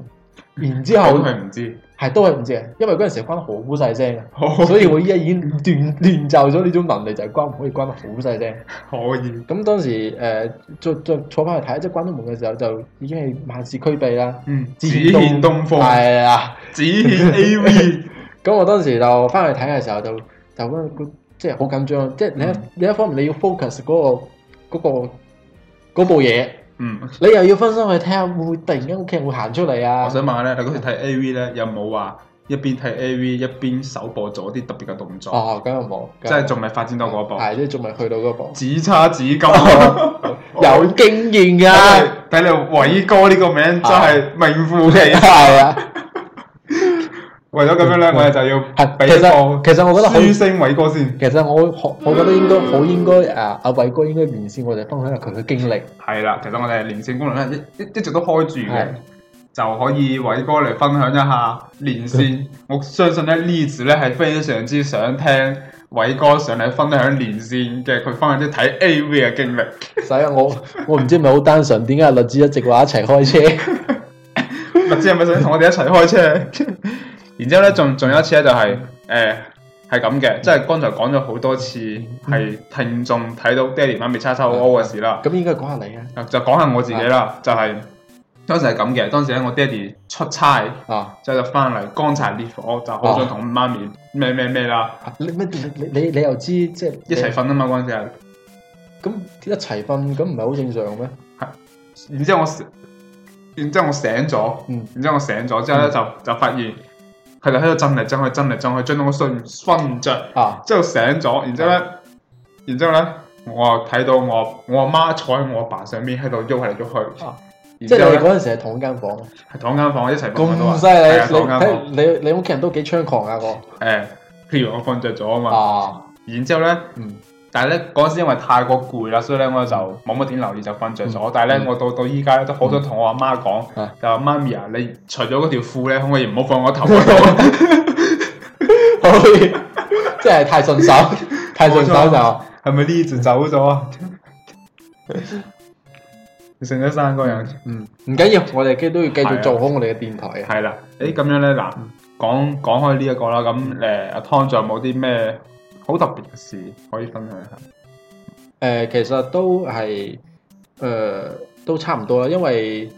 然之後佢唔知。係都係唔知嘅，因為嗰陣時關得好細聲，以所以我依家已經斷斷就咗呢種能力，就係、是、關門可以關得好細聲。可以。咁當時誒，再、呃、再坐翻去睇，即係關咗門嘅時候，就已經係萬事俱備啦。嗯。只欠東風。係啊了。只欠 A V。咁 <laughs> 我當時就翻去睇嘅時候就，就就嗰個即係好緊張，即係你一方面你要 focus 嗰、嗰個、嗰個、嗰個、部嘢。嗯，你又要分身去睇下，會唔會突然間屋企人會行出嚟啊？我想問下咧，你嗰時睇 AV 咧，有冇話一邊睇 AV 一邊手播咗啲特別嘅動作？哦，咁又冇，即係仲未發展到嗰一步。係、哦，即係仲未去到嗰步，只差隻角， <laughs> 有經驗噶、啊。睇、哦、你偉哥呢個名、嗯、真係名副其實啊！ <laughs> 嗯 <laughs> <laughs> 為咗咁樣咧，嗯、我哋就要係比方。其實，其實我覺得好聲偉哥先。其實我我我覺得應該我應該誒，阿、啊、偉哥應該連線我哋分享下佢嘅經歷。係啦，其實我哋係連線功能咧，一一直都開住嘅的就可以偉哥嚟，分享一下連線。他我相信咧，呢次呢係非常之想聽偉哥上嚟分享連線嘅佢分享啲睇 A V 嘅經歷。使啊，我我唔知係咪好單純？點解栗子一直話一齊開車？栗子係咪想同我哋一齊開車？ <laughs> 然之後咧，仲仲有一次咧，就係誒係咁嘅，即係剛才講咗好多次，係聽眾睇到爹哋媽咪叉叉好 O 嘅事啦。咁應該講下你啊，就講下我自己啦，就係當時係咁嘅。當時咧，我爹哋出差，之後就翻嚟，乾柴烈火，就好想同媽咪咩咩咩啦。你你你又知即係一齊瞓啊嘛？嗰陣時係，咁一齊瞓，咁唔係好正常咩？然之後我，然之後我醒咗，然之後我醒咗之後咧，就就發現。佢哋喺度震嚟震去，震嚟震去，震到我瞓瞓唔着，啊、之後醒咗，然之後咧，的然之後咧，我睇到我我阿媽坐喺我阿爸上邊喺度喐嚟喐去，啊、然後即係你嗰陣時係同一間房，係同一間房一齊瞓嘅，咁犀利，你你你屋企人都幾猖狂啊我，誒、哎，譬如我瞓着咗啊嘛，然之後咧，嗯。但係咧嗰時因為太過攰啦，所以咧我就冇乜點留意就瞓着咗。但係咧我到到依家,都好想同我阿媽講，就話媽咪啊，你除咗嗰條褲咧，我亦唔好放我頭度，可以，即係太順手，太順手就係咪呢字走咗啊？剩咗三個人，嗯，唔緊要，我哋都要繼續做好我哋嘅電台啊。係啦，誒，咁樣咧，嗱，講講開呢一個啦，咁誒，阿湯仲有冇啲咩？好特別嘅事可以分享一下。誒、呃，其實都係誒、呃，都差唔多啦。因為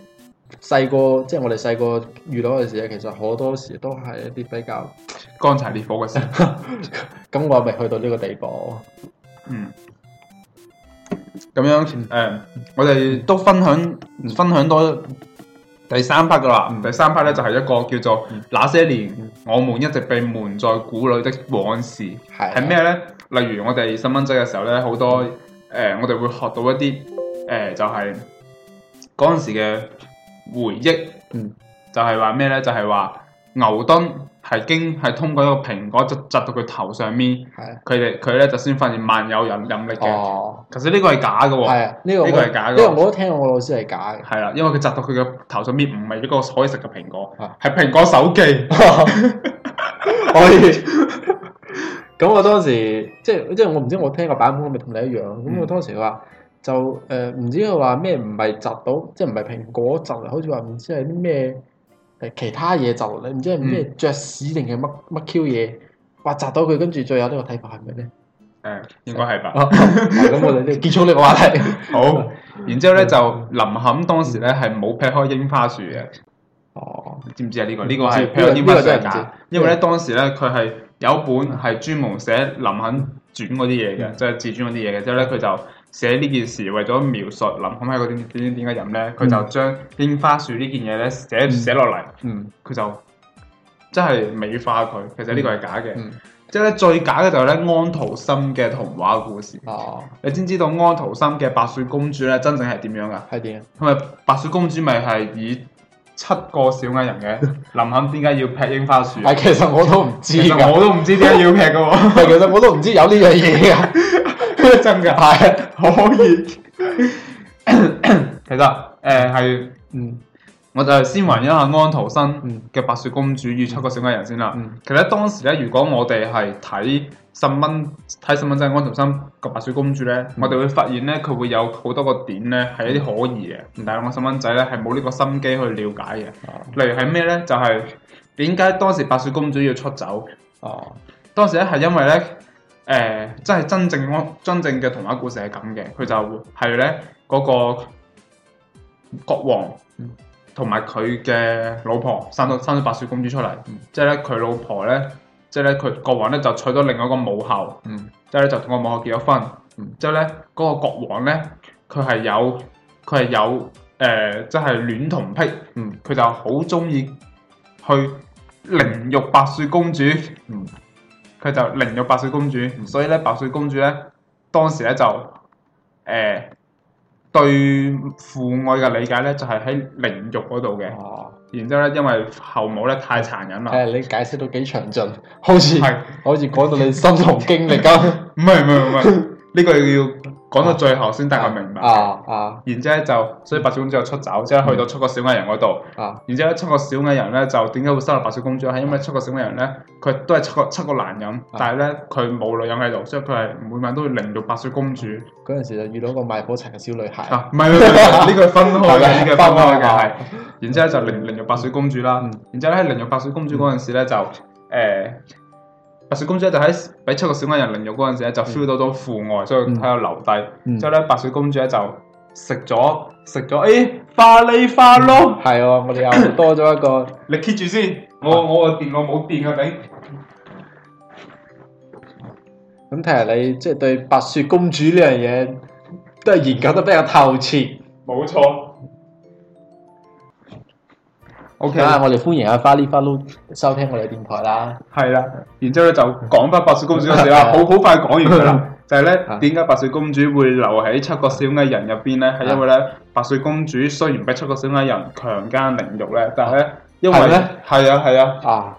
細個，即係我哋細個遇到嘅時候，其實好多時都係一啲比較乾柴烈火嘅事。咁 <laughs> 我未去到呢個地步。嗯。咁樣誒、呃，我哋都分享、嗯、分享多。第三 part 噶啦，嗯，第三 part 咧就係、是、一個叫做那些年我們一直被蒙在鼓裏的往事，係咩咧？呢啊、例如我哋細蚊仔嘅時候咧，好多誒、呃，我哋會學到一啲誒、呃，就係嗰陣時嘅回憶，嗯，就係話咩咧？就係、是、話牛頓。係經係通過一個蘋果就砸到佢頭上面，佢哋佢咧就先發現萬有引引力嘅。其實呢個係假嘅喎，呢個係假嘅。因為我都聽過我老師係假嘅。係啦，因為佢砸到佢嘅頭上面唔係一個可以食嘅蘋果，係蘋果手機。可以，咁我當時即係即係我唔知我聽個版本係咪同你一樣。咁我當時話就誒，唔知佢話咩，唔係砸到，即係唔係蘋果汁，好似話唔知係啲咩。係其他嘢就你唔知係咩着屎定係乜乜 Q 嘢挖砸到佢，跟住最後呢個睇法係咪咧？誒，應該係吧。咁我哋都結束呢個話題。好，然之後咧就林肯當時咧係冇劈開櫻花樹嘅。哦，知唔知啊？呢個呢個係劈開櫻花樹係假，因為咧當時咧佢係有本係專門寫林肯傳嗰啲嘢嘅，即係自傳嗰啲嘢嘅。之後咧佢就。寫呢件事為咗描述林肯係個點點點點點嘅人咧，佢就將櫻花樹呢件嘢咧，寫寫落嚟，佢就真係美化佢。其實呢個係假嘅。即係咧最假嘅就係咧安徒生嘅童話故事。哦，你知唔知道安徒生嘅白雪公主咧真正係點樣噶係點？同埋白雪公主咪係以七個小矮人嘅？林肯點解要劈櫻花樹？係其實我都唔知，我都唔知點解要劈嘅。其實我都唔知有呢樣嘢啊，真噶係可以， <laughs> 其實誒係，呃、嗯，我就係先問一下安徒生嘅《白雪公主與七個小矮人》先啦，嗯。其實當時咧，如果我哋係睇細蚊睇細蚊仔安徒生個《白雪公主》咧，嗯，我哋會發現咧，佢會有好多個點咧係一啲可疑嘅。但係我細蚊仔咧係冇呢個心機去了解嘅。啊、例如係咩咧？就係點解當時白雪公主要出走？哦、啊，當時咧係因為咧。誒、呃，真係真正安真正嘅童話故事係咁嘅，佢就係咧嗰個國王同埋佢嘅老婆生咗生咗白雪公主出嚟，即係咧佢老婆咧，即係咧佢國王咧就娶咗另外一個母后。嗯，即係咧就同個母后結咗婚，嗯，之後咧嗰個國王咧佢係有佢係有誒即係戀童癖，嗯，佢就好中意去凌辱白雪公主，嗯。就凌辱白雪公主，所以咧白雪公主咧當時咧就誒、呃、對父愛嘅理解咧就係、是、喺凌辱嗰度嘅。哇然之後咧因為後母咧太殘忍啦。係、哎、你解釋到幾詳盡，好似係是好似講到你心動經歷噶唔係唔係唔係。 <laughs> 呢個要講到最後先大家明白。啊啊！然之後就所以白雪公主就出走，即係去到七個小矮人嗰度。啊！然之後七個小矮人咧，就點解會收留白雪公主？係因為七個小矮人咧，佢都係七個七個男人，但係咧佢冇女人喺度，所以佢係每晚都會凌辱白雪公主。嗰陣時就遇到個賣火柴嘅小女孩。啊，唔係，呢個分開嘅，呢個分開嘅係。然之後就凌凌辱白雪公主啦。然之後喺凌辱白雪公主嗰陣時咧，就誒。白雪公主就喺俾七個小矮人領養嗰陣時候，就 feel 到咗父愛，嗯、所以喺度留低。之後咧，白雪公主就食咗食咗，哎、欸，花呢花咯。係、嗯、哦，我哋又多咗一個。 <coughs> 你 keep 住先，我我個電腦冇電啊頂。咁睇嚟你即係、就是、對白雪公主呢樣嘢都係研究得比較透徹。冇錯。O Okay . K，我哋歡迎阿、啊、花 Follow 收聽我哋嘅電台啦。係啦、啊，然之後咧就講翻白雪公主嗰時 <laughs> 啊，好好快講完佢啦。就係、是、咧，點解白雪公主會留喺七個小矮人入邊咧？係因為咧，白雪公主雖然俾七個小矮人強奸凌辱咧，但係咧，因為係啊係啊啊！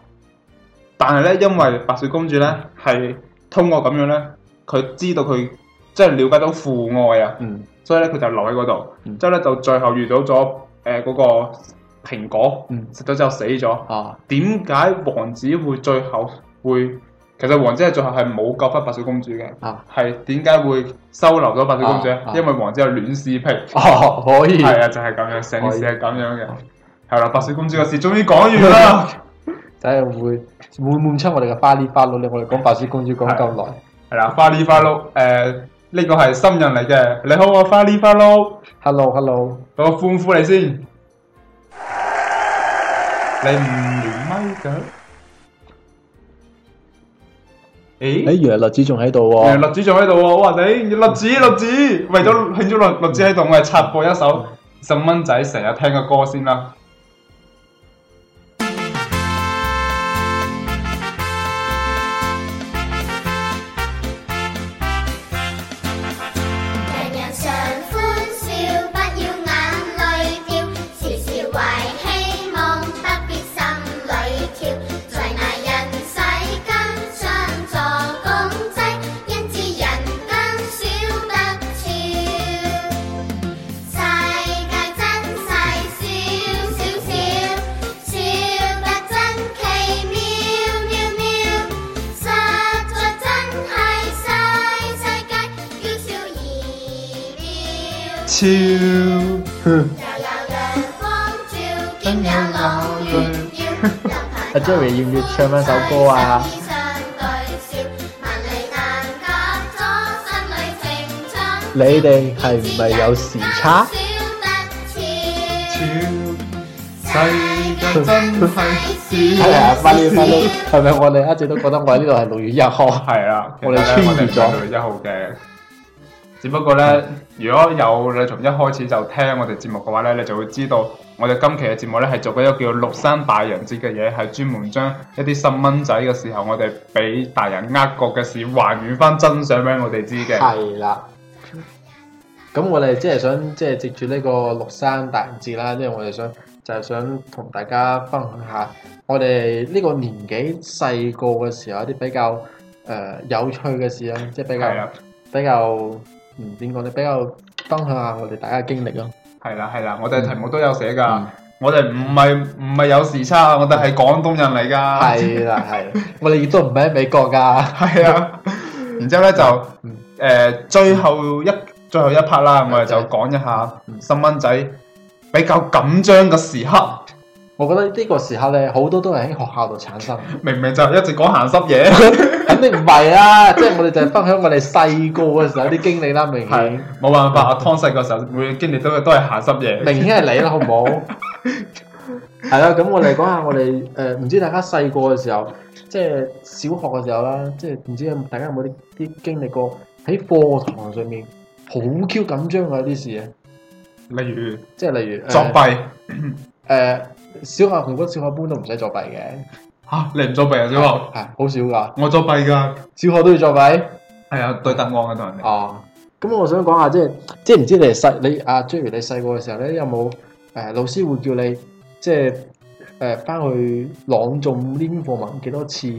但係咧，因為白雪公主咧係通過咁樣咧，佢知道佢即係了解到父愛啊。嗯。所以咧，佢就留喺嗰度。然之後咧，就最後遇到咗誒、呃那個。蘋果，食咗之後死咗。點解王子會最後會？其實王子係最後係冇救翻白雪公主嘅，係點解會收留咗白雪公主？啊、因為王子係戀屍癖。可以。係啊，就係咁樣，成件事係咁樣嘅。係啦，白雪公主個事終於講完啦。真係 <laughs> 會滿滿，會唔出我哋嘅花里花碌。令我哋講白雪公主講咁耐，係啦，花里花碌，誒、呃，呢、這個係新人嚟嘅。你好啊，我花里花碌。Hello，Hello hello.。我歡呼你先。你唔連咪㗎，誒、欸，誒，原來栗子仲喺度喎，栗子仲喺度喎，我話你，你栗子，栗子，為咗慶祝栗栗子喺度，我哋插播一首細蚊、嗯、仔成日聽嘅歌先啦。有阿 Jerry，要唔要唱翻首歌啊？你哋係唔係有時差？係 <laughs> 啊，翻去翻碌，係咪我哋一直都覺得我喺呢度係六月一號？係啊， <coughs> 我哋穿越咗。只不過咧，如果有你從一開始就聽我哋節目嘅話咧，你就會知道我哋今期嘅節目咧係做嗰一個叫六三大人節嘅嘢，係專門將一啲細蚊仔嘅時候我哋俾大人呃過嘅事還原翻真相俾我哋知嘅。係啦，咁我哋即係想即係接住呢個六三大人節啦，因為我哋想就係、是、想同大家分享下我哋呢個年紀細個嘅時候一啲比較誒有趣嘅事啦，即係比較比較。呃點講咧，比較分享下我哋大家經歷咯。係啦係啦，我哋題目都有寫噶，嗯、我哋唔係唔係有時差，嗯、我哋係廣東人嚟噶。係啦係啦， <laughs> 我哋亦都唔係喺美國噶。係啊的，然之後咧、嗯、就誒、呃、最後一、嗯、最後一 part 啦，的我哋就講一下細蚊仔比較緊張嘅時刻。我覺得呢個時候咧，好多都係喺學校度產生。明明就一直講鹹濕嘢， <laughs> 肯定唔係啊！即、就、係、是、我哋就係分享我哋細個嘅時候啲經歷啦。明顯冇辦法， <laughs> 我湯細個時候每經歷到嘅都係鹹濕嘢。 <laughs> 明顯係你啦，好唔好？係啦， <laughs> <laughs> 咁我哋講下我哋誒，唔、呃、知大家細個嘅時候，即係小學嘅時候啦，即係唔知大家有冇啲啲經歷過喺課堂上面好 Q 緊張嘅一啲事啊？例如，即係例如、呃、作弊，誒、呃。呃呃小學，同覺得小學一般都唔使作弊嘅。嚇、啊，你唔作弊啊？小學係好少噶，啊、我作弊噶。小學都要作弊？係、哎、啊，對答案嘅都係。哦、啊，咁我想講下即係，即係唔知，知你細你阿 j e 你細個嘅時候咧，有冇誒老師會叫你即係誒翻去朗誦呢篇課文幾多次？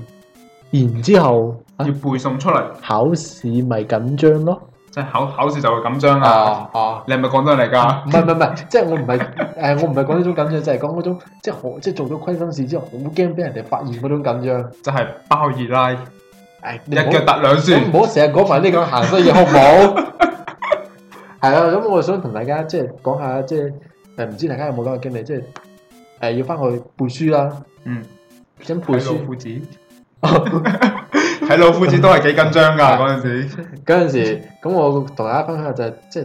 然之後要背誦出嚟、啊，考試咪緊張咯。即係考考試就會緊張啊！哦、uh, uh.，你係咪廣東人嚟噶？唔係唔係唔係，即係、就是、我唔係誒，我唔係講呢種緊張，就係講嗰種即係好即係做咗虧心事之後，好驚俾人哋發現嗰種緊張。就係包二奶，一腳踏兩船。唔好成日講埋呢個鹹濕嘢，好唔好？係啦，咁我想同大家即係講下，即係誒，唔知大家有冇咁嘅經歷，即係誒要翻去背書啦。嗯，想背書。 <laughs> 喺老夫子都係幾緊張噶，嗰陣時，嗰陣時咁 <laughs> 我同大家分享就係即係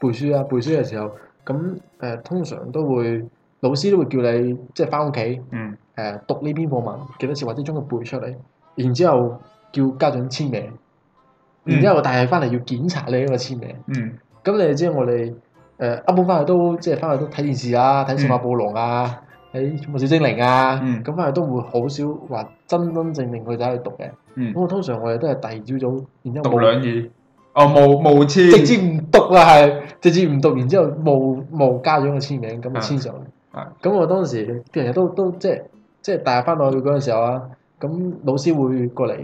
背書啦、啊，背書嘅時候咁誒、呃、通常都會老師都會叫你即係翻屋企，誒、就是嗯呃、讀呢篇課文幾多次或者將佢背出嚟，然之後叫家長簽名，嗯、然之後我但係翻嚟要檢查你嘅簽名。咁、嗯、你知、就是、我哋誒一般翻去都即係翻去都睇電視啦、啊，睇數碼暴龍啦。嗯誒，小、哎、精靈啊，咁翻去都會好少話真真正正佢喺度讀嘅。咁、嗯、我通常我哋都係第二朝早，然之後冇兩字哦，冇冇簽，直接唔讀喇，係直接唔讀，嗯、然之後冇冇家長嘅簽名，咁就簽上咗。咁、嗯嗯、我當時其實都都，都即係即係帶翻落去嗰陣時候啊，咁老師會過嚟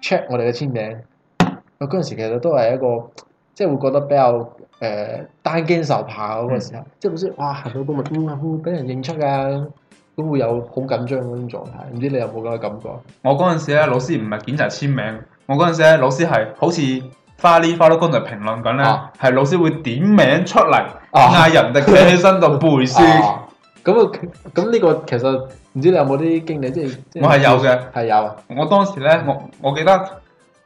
check 我哋嘅簽名。啊，嗰陣時其實都係一個。即係會覺得比較誒擔驚受怕嗰個時候，即係老師哇行到嗰密，嗯，會俾人認出噶，咁會有好緊張嗰種狀態。唔知你有冇咁嘅感覺？我嗰陣時咧，老師唔係檢查簽名，我嗰陣時咧，老師係好似花呢花都公仔評論緊咧，係老師會點名出嚟嗌人哋企起身度背書。咁咁呢個其實唔知你有冇啲經歷？即係我係有嘅，係有。我當時咧，我我記得。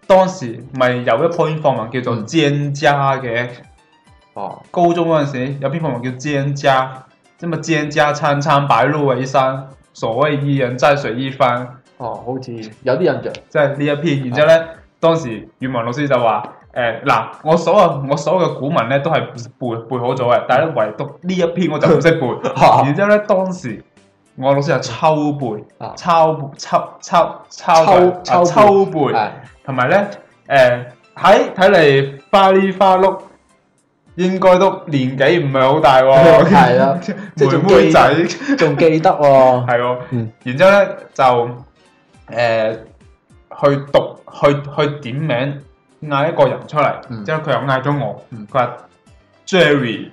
當時咪有一篇課文,文叫做《蒹葭》嘅，哦，高中嗰陣時有篇課文叫《蒹葭、就是》，咁啊《蒹葭》蒼蒼白露為霜，所謂伊人在水一方。哦，好似有啲印象，即係呢一篇。然之後咧，當時語文老師就話：，誒、欸、嗱，我所有我所有嘅古文咧都係背背好咗嘅，但係咧唯獨呢一篇我就唔識背。然之後咧，當時我老師就抽背，抽抽抽抽背，抽、啊、背。哎同埋咧，誒喺睇嚟花里花碌應該都年紀唔係好大喎、哦，係啦，即 <noise> 仲妹，妹仔仲記得喎，係喎。然之後咧就誒、呃、去讀去去點名嗌一個人出嚟，之、嗯、後佢又嗌咗我，佢話 Jerry，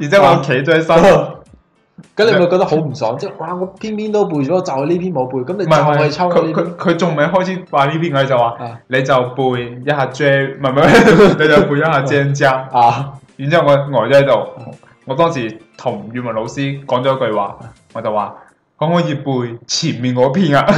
然之後我企咗喺身、啊。 <laughs> 咁你咪覺得好唔爽？即係哇！我偏偏都背咗，就係呢篇冇背。咁你又去抽佢？佢佢佢仲未開始話呢篇，佢就話：你就背一下 J，唔係唔係？ <laughs> 你就背一下 J 啊！然之後我呆咗喺度。啊、我當時同語文老師講咗一句話，我就話：可唔可以背前面嗰篇啊？ <laughs> <laughs>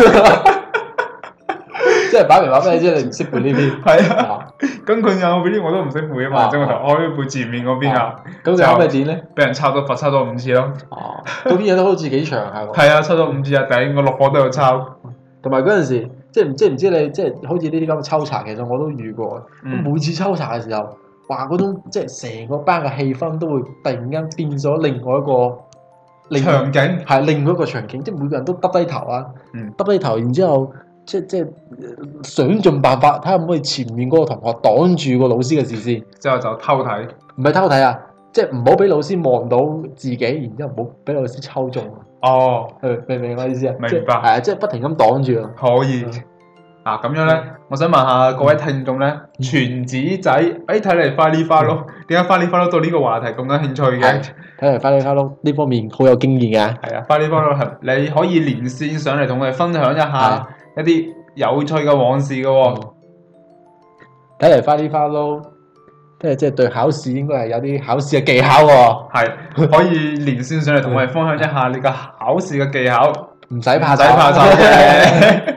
即係擺明話咩？即係是你唔識背呢篇。係啊。 <laughs> 咁佢 <laughs> 有嗰啲我都唔識背啊嘛，咁我就開背字面嗰邊啊。咁就咩點咧？俾人抄咗罰抄咗五次咯。哦，嗰啲嘢都好似幾長係喎。係啊，抄咗 <laughs> 五次啊！第我六個六科都有抄。同埋嗰陣時，即係即係唔知你即係好似呢啲咁嘅抽查，其實我都遇過。嗯，每次抽查嘅時候，話嗰種即係成個班嘅氣氛都會突然間變咗另外一個，另外一個場景，係另外一個場景，即係每個人都耷低頭啊，耷低，低頭，然之後。即係即係想盡辦法睇下可唔可以前面嗰個同學擋住個老師嘅視線，之後就偷睇，唔係偷睇啊！即係唔好俾老師望到自己，然之後唔好俾老師抽中。哦，明唔明我意思啊？明白，係啊！即係不停咁擋住啊！可以。嗱咁、啊、樣咧，嗯、我想問下各位聽眾咧，嗯、全子仔，哎睇嚟花哩花碌，點解花哩花碌對呢個話題咁嘅興趣嘅？睇嚟花哩花碌呢方面好有經驗嘅。係啊，花哩花碌，係你可以連線上嚟同我哋分享一下一啲有趣嘅往事嘅喎、哦嗯，睇嚟花啲花咯即係即係對考試應該係有啲考試嘅技巧喎、哦。係可以連線上嚟同我哋分享一下你嘅考試嘅技巧，唔使 <laughs> 怕，唔使怕晒。嘅。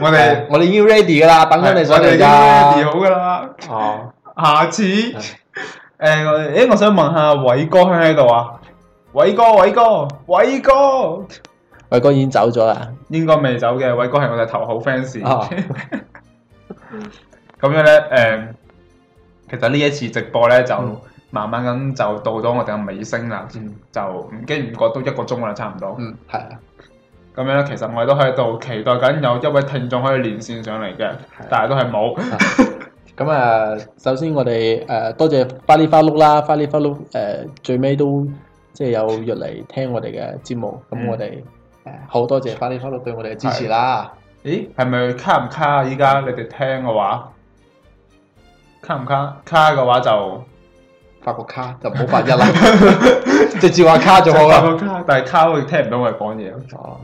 我哋我哋已經 ready 噶啦，等緊你上嚟噶。ready 好噶啦。哦，下次，誒是、呃，誒，我想問，問下偉哥喺喺度啊，偉哥，偉哥，偉哥。偉哥已經走咗啦，應該未走嘅。偉哥係我哋頭號 fans。咁、哦、 <laughs> 樣咧，誒，其實呢一次直播咧就慢慢咁就到咗我哋嘅尾聲啦，嗯、就唔經唔覺都一個鐘啦，差唔多。嗯，係啊。咁樣咧，其實我哋都喺度期待緊有一位聽眾可以連線上嚟嘅，啊、但係都係冇、啊。咁 <laughs> 啊，首先我哋誒、呃、多謝花哩花碌啦，花哩花碌誒、呃、最尾都即係有入嚟聽我哋嘅節目，咁我哋。嗯嗯。好多謝花哩花碌對我哋嘅支持啦！咦，係咪卡唔卡？依家你哋聽嘅話，卡唔卡？卡嘅話就發個卡就唔好發一啦，直接話卡就好啦。但係卡好似聽唔到我哋講嘢哦，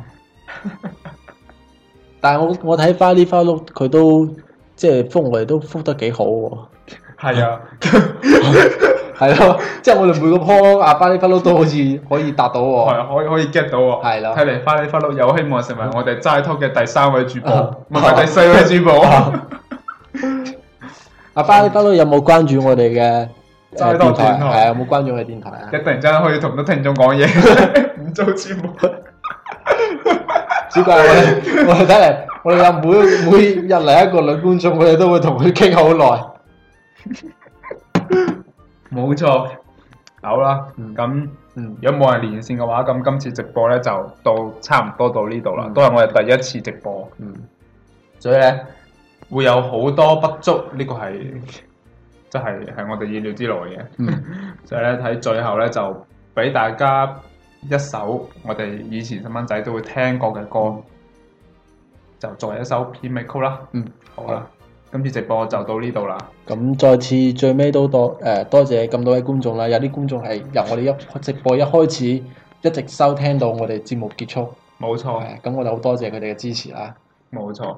<laughs> 但係我我睇花哩花碌佢都即係覆我哋都覆得幾好喎。係是啊。 <laughs> 係咯，即係我哋每個鋪阿巴尼巴佬都好似可以達到喎，係可以可以 get 到喎。係啦，睇嚟巴尼巴佬有希望成為我哋齋濤嘅第三位主播，唔係第四位主播。阿巴尼巴佬有冇關注我哋嘅齋濤電台？係有冇關注我哋電台啊？一突然間可以同到聽眾講嘢，唔做主播，只怪我哋。我哋睇嚟，我哋每每日嚟一個女觀眾，我哋都會同佢傾好耐。冇錯，好啦，咁如果冇人連線嘅話，咁今次直播呢就到差唔多到呢度啦，都係我哋第一次直播，嗯、所以呢會有好多不足，呢、呢個係即係係我哋意料之內嘅。嗯、所以呢，喺 <laughs> 最後呢就俾大家一首我哋以前細蚊仔都會聽過嘅歌，就作為一首片尾曲啦。嗯，好啦吧。好今次直播就到呢度啦。咁再次最尾都多誒，多謝咁多位觀眾啦。有啲觀眾係由我哋一直播一開始一直收聽到我哋節目結束，冇錯。咁我哋好多謝佢哋嘅支持啦。冇錯。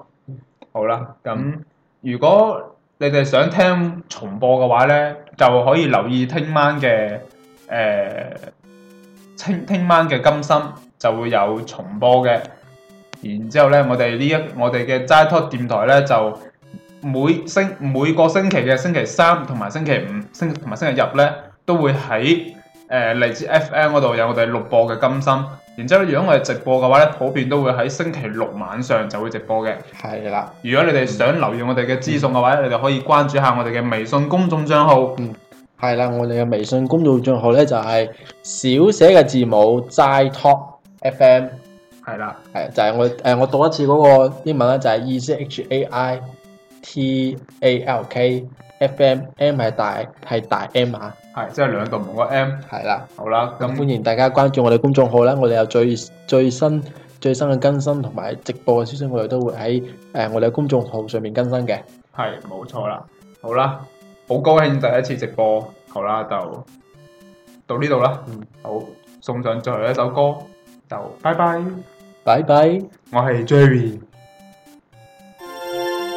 好啦，咁如果你哋想聽重播嘅話咧，就可以留意聽晚嘅誒，聽聽晚嘅金心就會有重播嘅。然之後咧，我哋呢一我哋嘅齋 talk 電台咧就。每星每個星期嘅星期三同埋星期五星同埋星期日咧，都會喺誒荔枝 FM 嗰度有我哋錄播嘅更新。然之後，如果我哋直播嘅話咧，普遍都會喺星期六晚上就會直播嘅。係啦了，如果你哋想留意我哋嘅資訊嘅話、嗯、你哋可以關注下我哋嘅微信公眾帳號。嗯，係啦，我哋嘅微信公眾帳號咧就係小寫嘅字母 ZTalk FM。係啦了，係就係、是、我誒我讀一次嗰個英文咧，就係 E C H A I。T A L K F M M 係大係大 M 啊，係即係兩度冇個 M 係啦，好啦，咁歡迎大家關注我哋公眾號啦，我哋有最最新最新嘅更新同埋直播嘅消息，我哋都會喺誒我哋嘅公眾號上面更新嘅，係冇錯啦，好啦，好高興第一次直播，好啦就到呢度啦，嗯，好送上最後一首歌，就拜拜拜拜，我係 Jerry。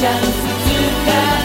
相思之海。